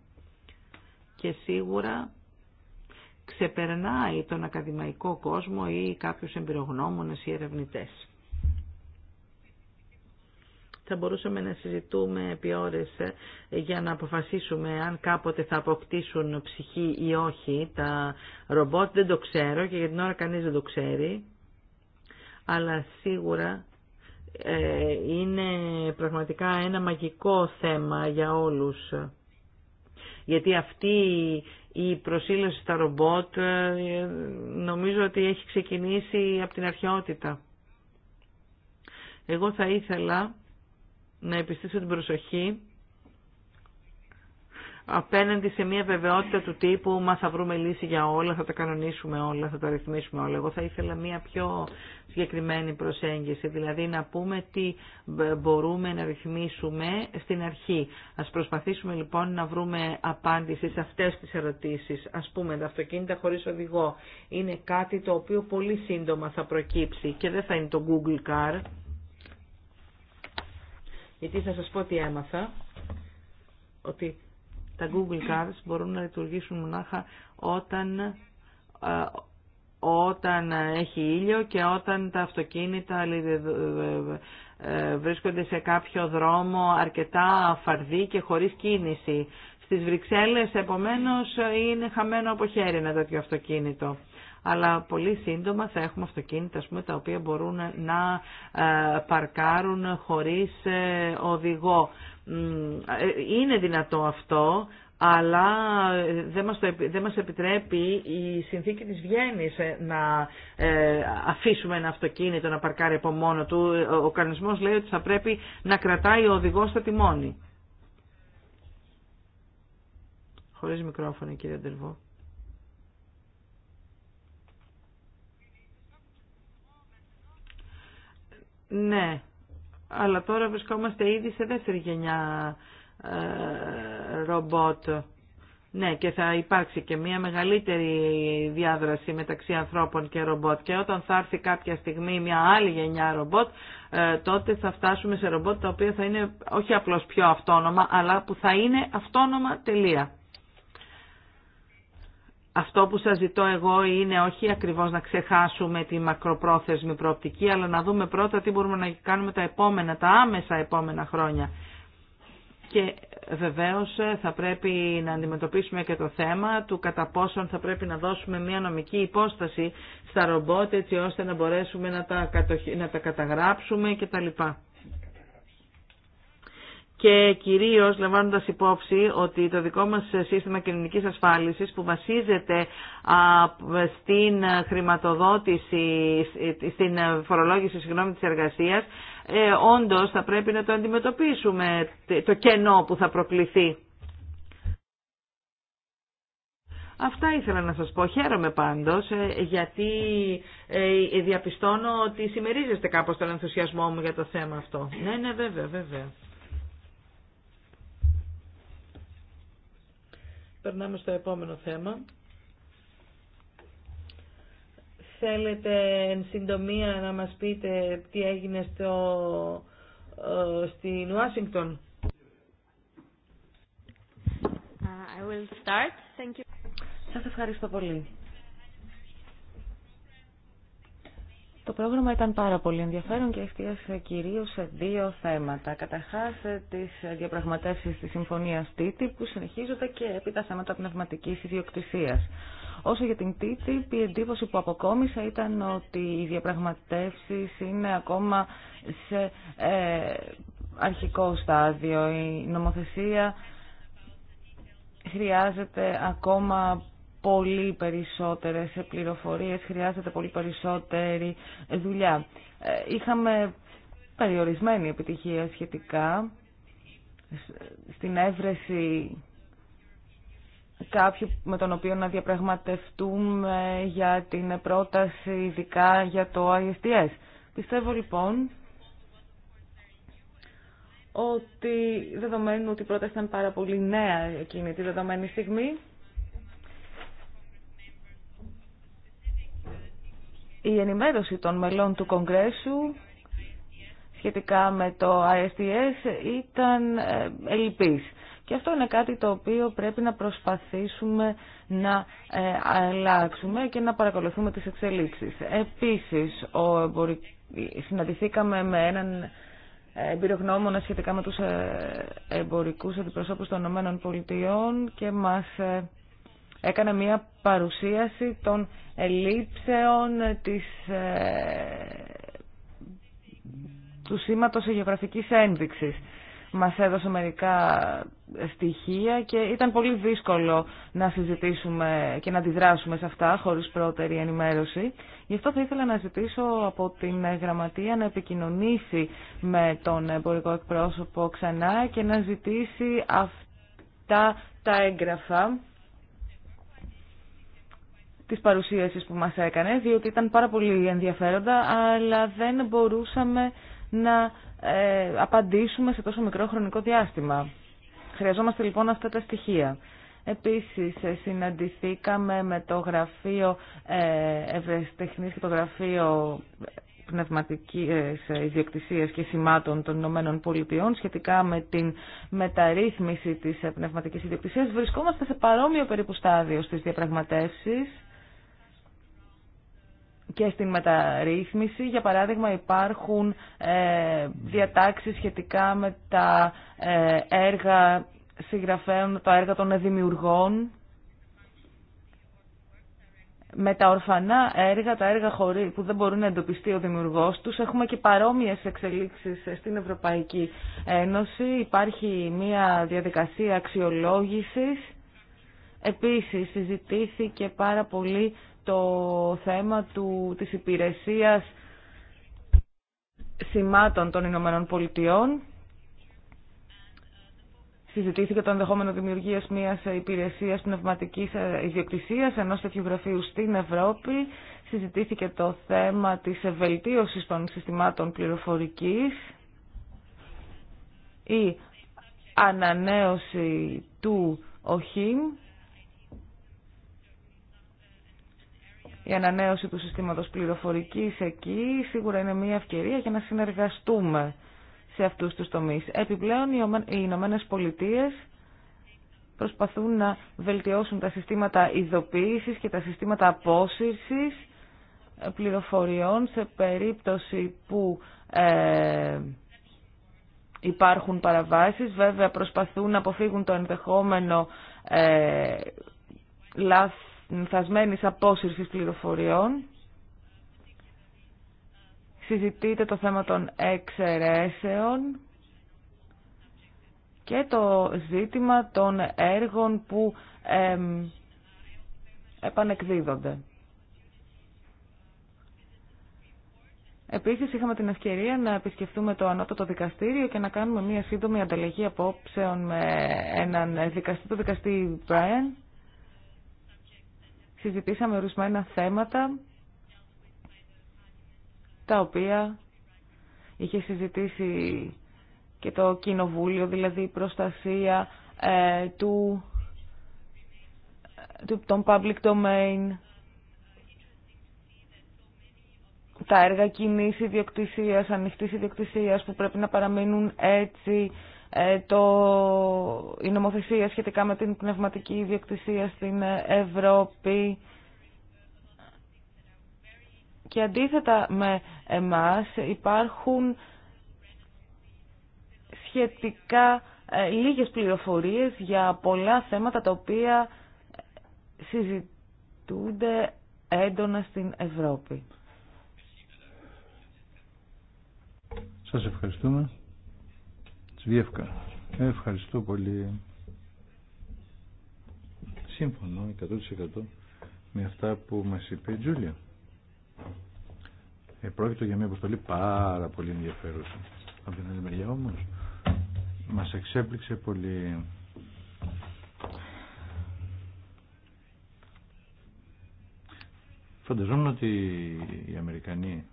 και σίγουρα ξεπερνάει τον ακαδημαϊκό κόσμο ή κάποιους εμπειρογνώμονες ή ερευνητές θα μπορούσαμε να συζητούμε επί ώρες ε, για να αποφασίσουμε αν κάποτε θα αποκτήσουν ψυχή ή όχι τα ρομπότ. Δεν το ξέρω και για την ώρα κανείς δεν το ξέρει. Αλλά σίγουρα ε, είναι πραγματικά ένα μαγικό θέμα για όλους. Γιατί αυτή η προσήλωση στα ρομπότ ε, νομίζω ότι έχει ξεκινήσει από την αρχαιότητα. Εγώ θα ήθελα να επιστήσω την προσοχή απέναντι σε μια βεβαιότητα του τύπου «Μα θα βρούμε λύση για όλα, θα τα κανονίσουμε όλα, θα τα ρυθμίσουμε όλα». Εγώ θα ήθελα μια πιο συγκεκριμένη προσέγγιση, δηλαδή να πούμε τι μπορούμε να ρυθμίσουμε στην αρχή. Ας προσπαθήσουμε λοιπόν να βρούμε απάντηση σε αυτές τις ερωτήσεις. Ας πούμε, τα αυτοκίνητα χωρίς οδηγό είναι κάτι το οποίο πολύ σύντομα θα προκύψει και δεν θα είναι το Google Car γιατί θα σας πω τι έμαθα, ότι τα Google Cards μπορούν να λειτουργήσουν μονάχα όταν, ε, όταν έχει ήλιο και όταν τα αυτοκίνητα ε, ε, βρίσκονται σε κάποιο δρόμο αρκετά φαρδί και χωρίς κίνηση. Στις Βρυξέλλες, επομένως, είναι χαμένο από χέρι ένα τέτοιο αυτοκίνητο αλλά πολύ σύντομα θα έχουμε αυτοκίνητα ας πούμε, τα οποία μπορούν να ε, παρκάρουν χωρίς ε, οδηγό. Ε, είναι δυνατό αυτό, αλλά δεν μας, δεν μας επιτρέπει η συνθήκη της Βιέννης να αφήσουμε ένα αυτοκίνητο να παρκάρει από μόνο του. Ο κανονισμός λέει ότι θα πρέπει να κρατάει ο οδηγός στα τιμόνι. Χωρίς μικρόφωνο κύριε Ντελβό. Ναι, αλλά τώρα βρισκόμαστε ήδη σε δεύτερη γενιά ε, ρομπότ. Ναι, και θα υπάρξει και μια μεγαλύτερη διάδραση μεταξύ ανθρώπων και ρομπότ. Και όταν θα έρθει κάποια στιγμή μια άλλη γενιά ρομπότ, ε, τότε θα φτάσουμε σε ρομπότ τα οποία θα είναι όχι απλώς πιο αυτόνομα, αλλά που θα είναι αυτόνομα τελεία αυτό που σας ζητώ εγώ είναι όχι ακριβώς να ξεχάσουμε τη μακροπρόθεσμη προοπτική, αλλά να δούμε πρώτα τι μπορούμε να κάνουμε τα επόμενα, τα άμεσα επόμενα χρόνια. Και βεβαίως ε, θα πρέπει να αντιμετωπίσουμε και το θέμα του κατά πόσον θα πρέπει να δώσουμε μια νομική υπόσταση στα ρομπότ έτσι ώστε να μπορέσουμε να τα, καταγράψουμε κτλ και κυρίως λαμβάνοντας υπόψη ότι το δικό μας σύστημα κοινωνικής ασφάλισης που βασίζεται στην χρηματοδότηση, στην φορολόγηση συγγνώμη, της εργασίας, ε, όντως θα πρέπει να το αντιμετωπίσουμε το κενό που θα προκληθεί. Αυτά ήθελα να σας πω. Χαίρομαι πάντως ε, γιατί ε, διαπιστώνω ότι συμμερίζεστε κάπως τον ενθουσιασμό μου για το θέμα αυτό. Ναι, ναι, βέβαια, βέβαια. Περνάμε στο επόμενο θέμα. Θέλετε εν συντομία να μας πείτε τι έγινε στο, ε, στην Ουάσιγκτον. Uh, I Σας ευχαριστώ πολύ. Το πρόγραμμα ήταν πάρα πολύ ενδιαφέρον και εστίασε κυρίως σε δύο θέματα. Καταρχάς τις διαπραγματεύσεις της συμφωνίας TTIP που συνεχίζονται και έπειτα θέματα πνευματικής ιδιοκτησίας. Όσο για την TTIP η εντύπωση που αποκόμισα ήταν ότι οι διαπραγματεύσεις είναι ακόμα σε ε, αρχικό στάδιο. Η νομοθεσία χρειάζεται ακόμα πολύ περισσότερες πληροφορίες, χρειάζεται πολύ περισσότερη δουλειά. Ε, είχαμε περιορισμένη επιτυχία σχετικά στην έβρεση κάποιου με τον οποίο να διαπραγματευτούμε για την πρόταση ειδικά για το ISDS. Πιστεύω λοιπόν ότι δεδομένου ότι η πρόταση ήταν πάρα πολύ νέα εκείνη τη δεδομένη στιγμή, η ενημέρωση των μελών του Κογκρέσου σχετικά με το ISDS ήταν ε, ελλειπής. Και αυτό είναι κάτι το οποίο πρέπει να προσπαθήσουμε να ε, αλλάξουμε και να παρακολουθούμε τις εξελίξεις. Επίσης, ο, συναντηθήκαμε με έναν εμπειρογνώμονα σχετικά με τους ε, εμπορικούς αντιπροσώπους των ΗΠΑ και μας έκανα μία παρουσίαση των ελήψεων της, ε, του σήματος γεωγραφικής ένδειξης. Μας έδωσε μερικά στοιχεία και ήταν πολύ δύσκολο να συζητήσουμε και να αντιδράσουμε σε αυτά χωρίς πρώτερη ενημέρωση. Γι' αυτό θα ήθελα να ζητήσω από την Γραμματεία να επικοινωνήσει με τον εμπορικό εκπρόσωπο ξανά και να ζητήσει αυτά τα έγγραφα Τη παρουσίαση που μα έκανε, διότι ήταν πάρα πολύ ενδιαφέροντα, αλλά δεν μπορούσαμε να ε, απαντήσουμε σε τόσο μικρό χρονικό διάστημα. Χρειαζόμαστε λοιπόν αυτά τα στοιχεία. Επίσης ε, συναντηθήκαμε με το γραφείο ε, και το γραφείο πνευματικής ε, ιδιοκτησίας και σημάτων των Ηνωμένων Πολιτειών σχετικά με την μεταρρύθμιση της πνευματικής ιδιοκτησίας. Βρισκόμαστε σε παρόμοιο περίπου στάδιο στις διαπραγματεύσεις και στην μεταρρύθμιση. Για παράδειγμα υπάρχουν ε, διατάξεις σχετικά με τα ε, έργα συγγραφέων, τα έργα των δημιουργών, με τα ορφανά έργα, τα έργα χωρί, που δεν μπορούν να εντοπιστεί ο δημιουργός τους, έχουμε και παρόμοιες εξελίξεις στην Ευρωπαϊκή Ένωση. Υπάρχει μια διαδικασία αξιολόγησης. Επίσης, συζητήθηκε πάρα πολύ το θέμα του, της υπηρεσίας σημάτων των Ηνωμένων Πολιτειών. Συζητήθηκε το ενδεχόμενο δημιουργία μια υπηρεσία πνευματική ιδιοκτησία ενό τέτοιου γραφείου στην Ευρώπη. Συζητήθηκε το θέμα τη βελτίωση των συστημάτων πληροφορική. Η ανανέωση του ΟΧΙΜ η ανανέωση του συστήματος πληροφορικής εκεί σίγουρα είναι μια ευκαιρία για να συνεργαστούμε σε αυτούς τους τομείς. Επιπλέον οι Ηνωμένε Πολιτείε προσπαθούν να βελτιώσουν τα συστήματα ειδοποίησης και τα συστήματα απόσυρσης ε, πληροφοριών σε περίπτωση που ε, υπάρχουν παραβάσεις. Βέβαια προσπαθούν να αποφύγουν το ενδεχόμενο ε, λάθος Θασμένης απόσυρσης πληροφοριών. Συζητείται το θέμα των εξαιρέσεων και το ζήτημα των έργων που επανεκδίδονται. Επίσης είχαμε την ευκαιρία να επισκεφτούμε το Ανώτατο Δικαστήριο και να κάνουμε μια σύντομη ανταλλαγή απόψεων με έναν δικαστή, του δικαστή Brian, συζητήσαμε ορισμένα θέματα τα οποία είχε συζητήσει και το κοινοβούλιο, δηλαδή η προστασία ε, του, του, των public domain, τα έργα κοινή ιδιοκτησία, ανοιχτή ιδιοκτησία που πρέπει να παραμείνουν έτσι, ε, το, η νομοθεσία σχετικά με την πνευματική ιδιοκτησία στην Ευρώπη. Και αντίθετα με εμάς υπάρχουν σχετικά ε, λίγες πληροφορίες για πολλά θέματα τα οποία συζητούνται έντονα στην Ευρώπη. Σας ευχαριστούμε. Σβιεύκα. Ευχαριστώ πολύ. Σύμφωνο 100% με αυτά που μας είπε η Τζούλια. Ε, για μια αποστολή πάρα πολύ ενδιαφέρουσα. Από την άλλη μεριά όμως μας εξέπληξε πολύ Φανταζόμουν ότι οι Αμερικανοί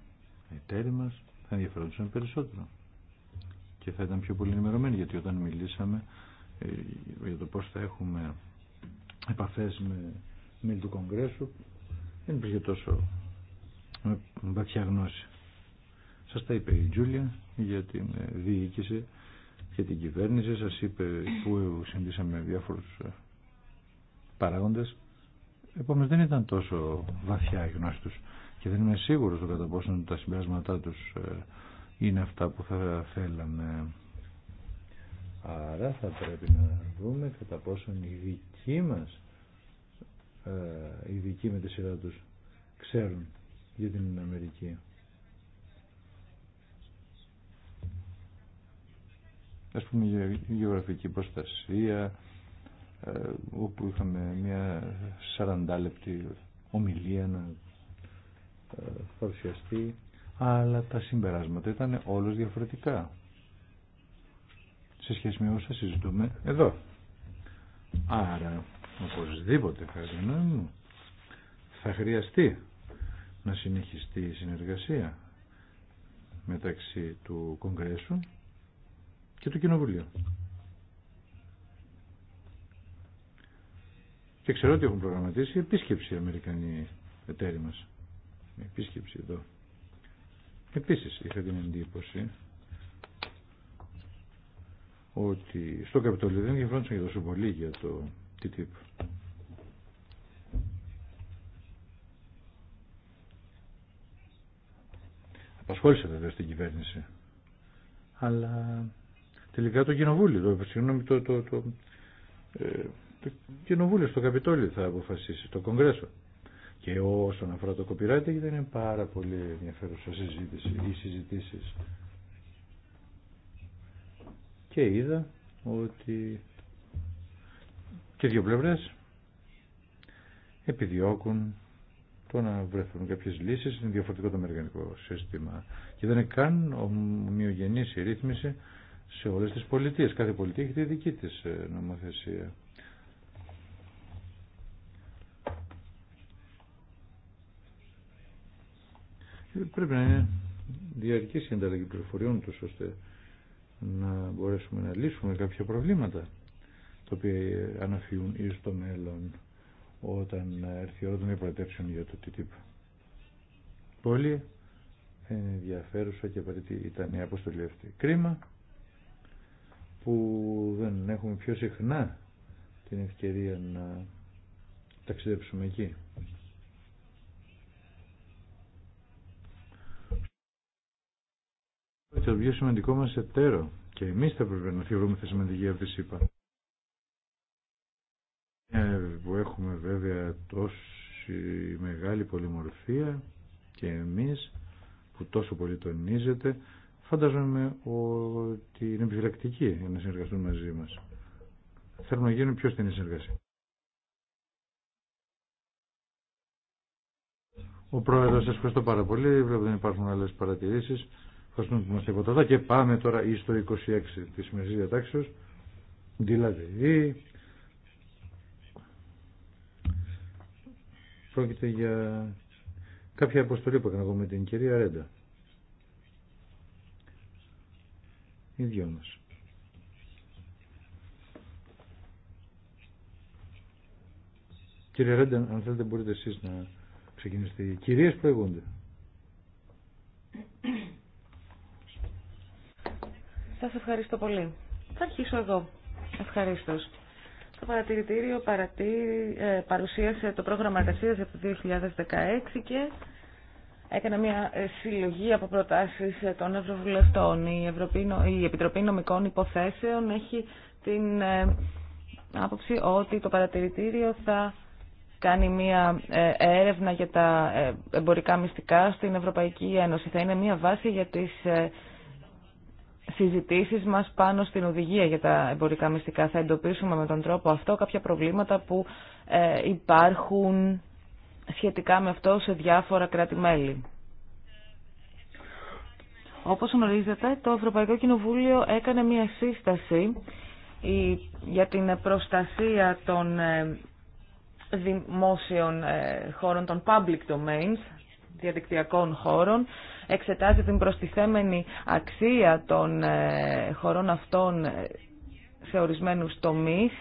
εταίροι μας θα ενδιαφερόντουσαν περισσότερο και θα ήταν πιο πολύ ενημερωμένοι γιατί όταν μιλήσαμε ε, για το πώς θα έχουμε επαφές με μέλη του Κογκρέσου δεν υπήρχε τόσο ε, βαθιά γνώση. Σας τα είπε η Τζούλια για την διοίκηση και την κυβέρνηση. Σας είπε που συνδύσαμε διάφορους ε, παράγοντες. Επομένως δεν ήταν τόσο βαθιά η γνώση τους και δεν είμαι σίγουρος το κατά πόσο τα συμπεράσματά τους είναι αυτά που θα θέλαμε. Άρα θα πρέπει να δούμε κατά πόσον οι δικοί μας, ε, οι δικοί με τη σειρά τους, ξέρουν για την Αμερική. Ας πούμε γεωγραφική προστασία, ε, όπου είχαμε μια 40 λεπτή ομιλία να ε, παρουσιαστεί αλλά τα συμπεράσματα ήταν όλος διαφορετικά σε σχέση με όσα συζητούμε εδώ. Άρα, οπωσδήποτε χαρινά μου, θα χρειαστεί να συνεχιστεί η συνεργασία μεταξύ του Κογκρέσου και του Κοινοβουλίου. Και ξέρω ότι έχουν προγραμματίσει επίσκεψη οι Αμερικανοί εταίροι μας. Επίσκεψη εδώ. Επίσης είχα την εντύπωση ότι στο Καπιτολίο δεν ενδιαφέρονταν και τόσο πολύ για το TTIP. Απασχόλησε βέβαια στην κυβέρνηση. Αλλά τελικά το κοινοβούλιο, το, συγγνώμη, το, το, το, ε, το κοινοβούλιο στο Καπιτόλιο θα αποφασίσει, το Κογκρέσο. Και όσον αφορά το copyright ήταν είναι πάρα πολύ ενδιαφέρουσα συζήτηση ή συζητήσει. Και είδα ότι και δύο πλευρές επιδιώκουν το να βρεθούν κάποιε λύσεις είναι διαφορετικό το αμερικανικό σύστημα και δεν είναι καν ομοιογενή η ρύθμιση σε όλες τις πολιτείε. Κάθε πολιτεία έχει τη δική της ε, νομοθεσία. Πρέπει να είναι διαρκή συνταλλαγή πληροφοριών τους ώστε να μπορέσουμε να λύσουμε κάποια προβλήματα τα οποία αναφύουν ή στο μέλλον όταν έρθει η ώρα των προτεραιοτητα για το TTIP. Πολύ ενδιαφέρουσα και απαραίτητη ήταν η αποστολή αυτή. Κρίμα που δεν έχουμε πιο συχνά την ευκαιρία να ταξιδέψουμε εκεί. το πιο σημαντικό μας εταίρο και εμείς θα πρέπει να θεωρούμε σημαντική αυτή τη ΣΥΠΑ. Ε, που έχουμε βέβαια τόση μεγάλη πολυμορφία και εμείς που τόσο πολύ τονίζεται φαντάζομαι ότι είναι επιφυλακτικοί για να συνεργαστούν μαζί μας. Θέλουν να γίνουν πιο στενή συνεργασία. Ο πρόεδρος, σας ευχαριστώ πάρα πολύ. Βλέπω δεν υπάρχουν άλλες παρατηρήσεις. Ευχαριστούμε που είμαστε υποταθά και πάμε τώρα εις 26 της σημερινής διατάξεως. Δηλαδή, πρόκειται για κάποια αποστολή που έκανα εγώ με την κυρία Ρέντα. Οι δυο μας. Κύριε Ρέντα, αν θέλετε μπορείτε εσείς να ξεκινήσετε. Οι κυρίες προηγούνται. Σας ευχαριστώ πολύ. Θα αρχίσω εγώ. Ευχαριστώ. Το παρατηρητήριο ε, παρουσίασε το πρόγραμμα εργασία από το 2016 και έκανε μια ε, συλλογή από προτάσεις ε, των Ευρωβουλευτών. Η, Ευρωπή, η Επιτροπή Νομικών Υποθέσεων έχει την άποψη ότι το παρατηρητήριο θα κάνει μια έρευνα για τα εμπορικά μυστικά στην Ευρωπαϊκή Ένωση. Θα είναι μια βάση για τις συζητήσεις μας πάνω στην οδηγία για τα εμπορικά μυστικά. Θα εντοπίσουμε με τον τρόπο αυτό κάποια προβλήματα που ε, υπάρχουν σχετικά με αυτό σε διάφορα κράτη-μέλη. Όπως γνωρίζετε, το Ευρωπαϊκό Κοινοβούλιο έκανε μια σύσταση για την προστασία των ε, δημόσιων ε, χώρων, των public domains, διαδικτυακών χώρων, εξετάζει την προστιθέμενη αξία των ε, χωρών αυτών σε ορισμένους τομείς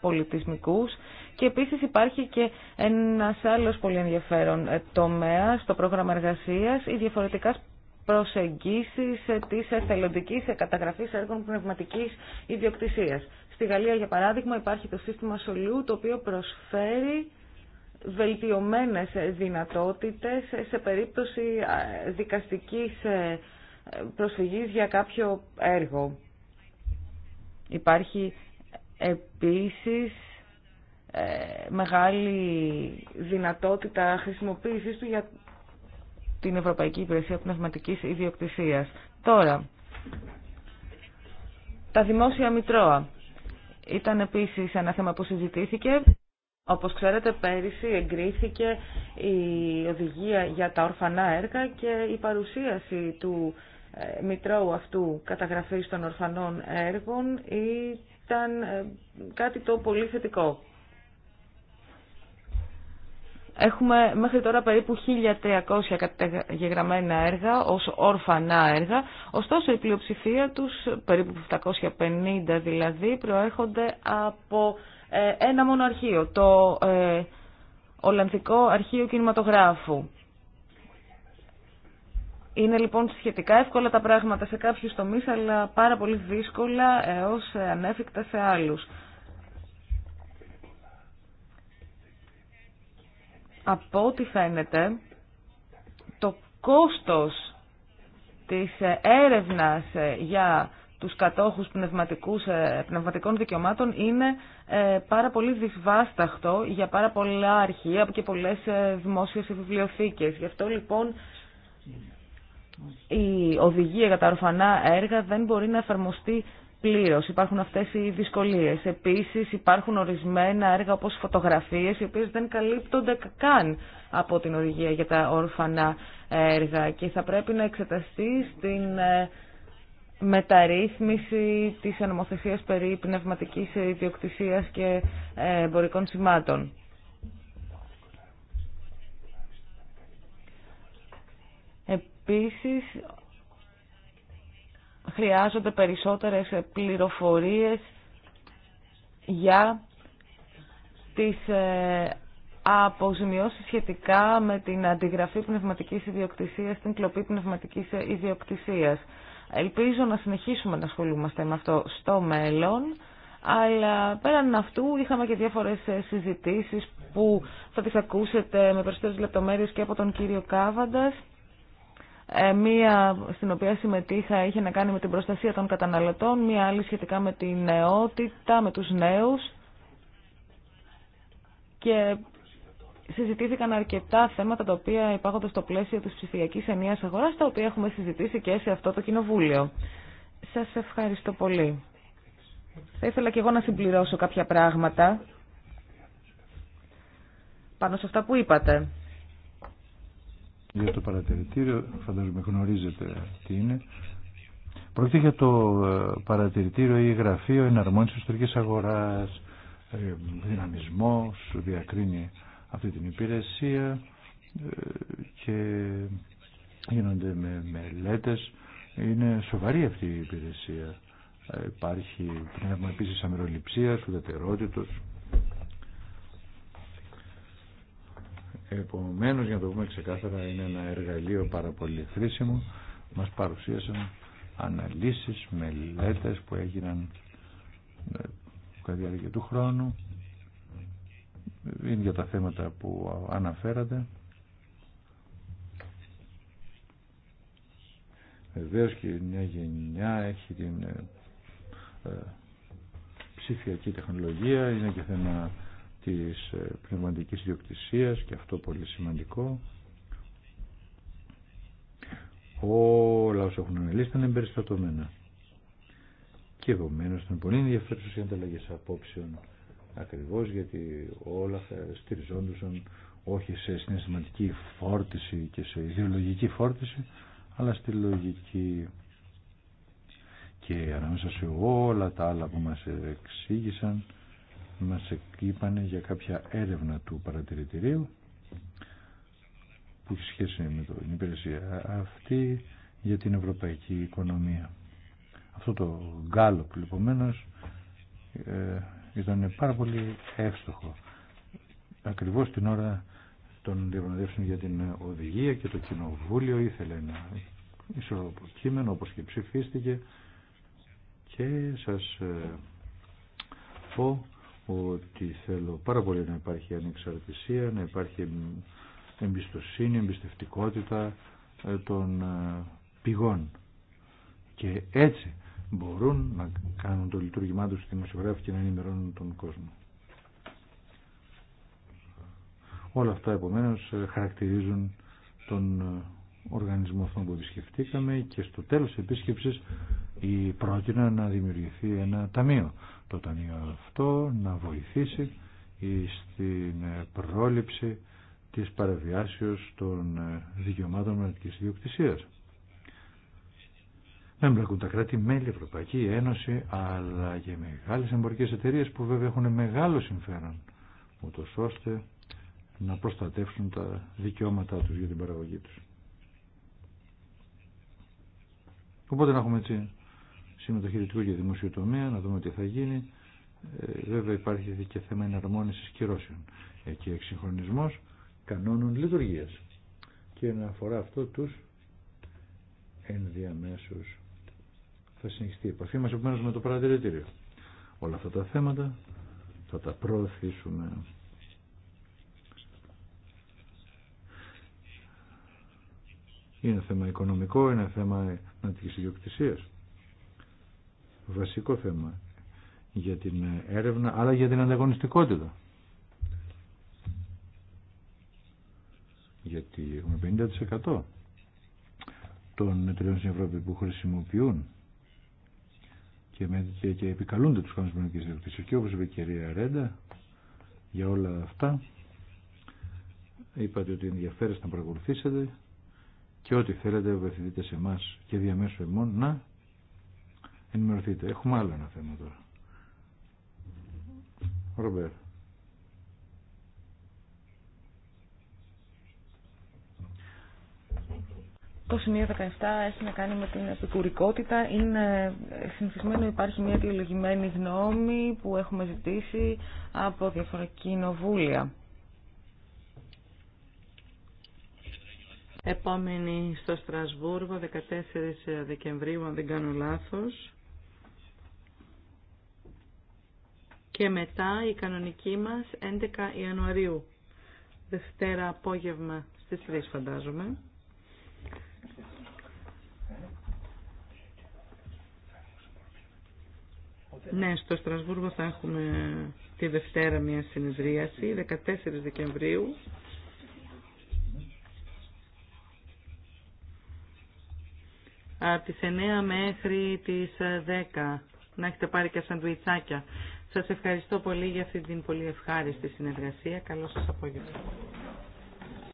πολιτισμικούς και επίσης υπάρχει και ένα άλλος πολύ ενδιαφέρον ε, τομέα στο πρόγραμμα εργασίας, οι διαφορετικά προσεγγίσεις ε, της εθελοντικής καταγραφής έργων πνευματικής ιδιοκτησίας. Στη Γαλλία, για παράδειγμα, υπάρχει το σύστημα Σολιού, το οποίο προσφέρει βελτιωμένες δυνατότητες σε περίπτωση ε, δικαστικής ε, προσφυγής για κάποιο έργο. Υπάρχει επίσης ε, μεγάλη δυνατότητα χρησιμοποίησης του για την Ευρωπαϊκή Υπηρεσία Πνευματικής Ιδιοκτησίας. Τώρα, τα δημόσια μητρώα ήταν επίσης ένα θέμα που συζητήθηκε. Όπως ξέρετε, πέρυσι εγκρίθηκε η οδηγία για τα ορφανά έργα και η παρουσίαση του ε, μητρώου αυτού καταγραφής των ορφανών έργων ήταν ε, κάτι το πολύ θετικό. Έχουμε μέχρι τώρα περίπου 1.300 καταγεγραμμένα έργα ως όρφανα έργα, ωστόσο η πλειοψηφία τους, περίπου 750 δηλαδή, προέρχονται από ε, ένα μόνο αρχείο, το ε, Ολλανδικό Αρχείο Κινηματογράφου. Είναι λοιπόν σχετικά εύκολα τα πράγματα σε κάποιους τομείς, αλλά πάρα πολύ δύσκολα έως ε, ανέφικτα σε άλλους. από ό,τι φαίνεται, το κόστος της ε, έρευνας ε, για τους κατόχους ε, πνευματικών δικαιωμάτων είναι πάρα πολύ δυσβάσταχτο για πάρα πολλά αρχεία και πολλές δημόσιες βιβλιοθήκες. Γι' αυτό λοιπόν η οδηγία για τα ορφανά έργα δεν μπορεί να εφαρμοστεί Υπάρχουν αυτές οι δυσκολίες. Επίσης υπάρχουν ορισμένα έργα όπως φωτογραφίες οι οποίες δεν καλύπτονται καν από την οδηγία για τα όρφανα έργα και θα πρέπει να εξεταστεί στην ε, μεταρρύθμιση της ανομοθεσίας περί πνευματικής ιδιοκτησίας και ε, εμπορικών σημάτων. Επίσης, χρειάζονται περισσότερες πληροφορίες για τις ε, αποζημιώσεις σχετικά με την αντιγραφή πνευματικής ιδιοκτησίας, την κλοπή πνευματικής ε, ιδιοκτησίας. Ελπίζω να συνεχίσουμε να ασχολούμαστε με αυτό στο μέλλον, αλλά πέραν αυτού είχαμε και διάφορες ε, συζητήσεις που θα τις ακούσετε με περισσότερες λεπτομέρειες και από τον κύριο Κάβαντας. Ε, μία στην οποία συμμετείχα είχε να κάνει με την προστασία των καταναλωτών, μία άλλη σχετικά με την νεότητα, με τους νέους και συζητήθηκαν αρκετά θέματα τα οποία υπάρχονται στο πλαίσιο της ψηφιακής ενίας αγοράς, τα οποία έχουμε συζητήσει και σε αυτό το κοινοβούλιο. Σας ευχαριστώ πολύ. Θα ήθελα και εγώ να συμπληρώσω κάποια πράγματα πάνω σε αυτά που είπατε για το παρατηρητήριο, φαντάζομαι γνωρίζετε τι είναι. Πρόκειται για το ε, παρατηρητήριο ή γραφείο εναρμόνισης ιστορικής αγοράς, ε, δυναμισμός, διακρίνει αυτή την υπηρεσία ε, και γίνονται με μελέτες. Είναι σοβαρή αυτή η υπηρεσία. Υπάρχει πνεύμα επίσης αμεροληψίας, ουδετερότητος, Επομένως, για να το πούμε ξεκάθαρα, είναι ένα εργαλείο πάρα πολύ χρήσιμο. Μας παρουσίασαν αναλύσεις, μελέτες που έγιναν ε, κατά διάρκεια του χρόνου. Είναι για τα θέματα που αναφέρατε. Βεβαίω και η νέα γενιά έχει την ε, ε, ψηφιακή τεχνολογία, είναι και θέμα της ε, πνευματικής διοκτησίας και αυτό πολύ σημαντικό. Όλα όσα έχουν μιλήσει ήταν εμπεριστατωμένα. Και επομένω ήταν πολύ ενδιαφέρουσε οι ανταλλαγέ απόψεων ακριβώ γιατί όλα θα στηριζόντουσαν όχι σε συναισθηματική φόρτιση και σε ιδεολογική φόρτιση, αλλά στη λογική και ανάμεσα σε όλα τα άλλα που μας εξήγησαν μας είπαν για κάποια έρευνα του παρατηρητηρίου που έχει σχέση με την υπηρεσία αυτή για την ευρωπαϊκή οικονομία. Αυτό το λοιπόμενος λοιπόν ε, ήταν πάρα πολύ εύστοχο. Ακριβώς την ώρα των διαπραγματεύσεων για την οδηγία και το κοινοβούλιο ήθελε ένα ισορροπό κείμενο όπως και ψηφίστηκε και σας ε, πω ότι θέλω πάρα πολύ να υπάρχει ανεξαρτησία, να υπάρχει εμπιστοσύνη, εμπιστευτικότητα ε, των ε, πηγών. Και έτσι μπορούν να κάνουν το λειτουργήμά τους δημοσιογράφοι και να ενημερώνουν τον κόσμο. Όλα αυτά επομένως ε, χαρακτηρίζουν τον οργανισμό αυτό που επισκεφτήκαμε και στο τέλος επίσκεψης ή πρότεινα να δημιουργηθεί ένα ταμείο. Το ταμείο αυτό να βοηθήσει στην πρόληψη της παραβιάσεως των δικαιωμάτων μοναδικής ιδιοκτησίας. Να εμπλακούν τα κράτη-μέλη, Ευρωπαϊκή Ένωση, αλλά και μεγάλες εμπορικές εταιρείες που βέβαια έχουν μεγάλο συμφέρον, ούτως ώστε να προστατεύσουν τα δικαιώματά τους για την παραγωγή τους. Οπότε να έχουμε έτσι το και δημοσίου τομέα, να δούμε τι θα γίνει. Ε, βέβαια υπάρχει και θέμα εναρμόνισης κυρώσεων και εξυγχρονισμός κανόνων λειτουργίας και να αφορά αυτό τους ενδιαμέσους θα συνεχιστεί η επαφή μας επομένως με το παρατηρητήριο όλα αυτά τα θέματα θα τα προωθήσουμε είναι θέμα οικονομικό είναι θέμα ανατικής ιδιοκτησίας βασικό θέμα για την έρευνα αλλά για την ανταγωνιστικότητα. Γιατί έχουμε 50% των εταιρεών στην Ευρώπη που χρησιμοποιούν και, με, και, και επικαλούνται τους κανόνες και όπως είπε η κυρία Ρέντα για όλα αυτά είπατε ότι ενδιαφέρεστε να παρακολουθήσετε και ό,τι θέλετε απευθυνθείτε σε εμά και διαμέσου εμών να ενημερωθείτε. Έχουμε άλλο ένα θέμα τώρα. Ρομπέρ. Το σημείο 17 έχει να κάνει με την επικουρικότητα. Είναι συνηθισμένο υπάρχει μια διαλογημένη γνώμη που έχουμε ζητήσει από διαφορετική κοινοβούλια. Επόμενη στο Στρασβούργο, 14 Δεκεμβρίου, αν δεν κάνω λάθος. και μετά η κανονική μας 11 Ιανουαρίου. Δευτέρα απόγευμα στις 3 φαντάζομαι. Ναι, στο Στρασβούργο θα έχουμε τη Δευτέρα μια συνεδρίαση, 14 Δεκεμβρίου. Από τις 9 μέχρι τις 10. Να έχετε πάρει και σαντουιτσάκια. Σας ευχαριστώ πολύ για αυτή την πολύ ευχάριστη συνεργασία. Καλό σας απόγευμα.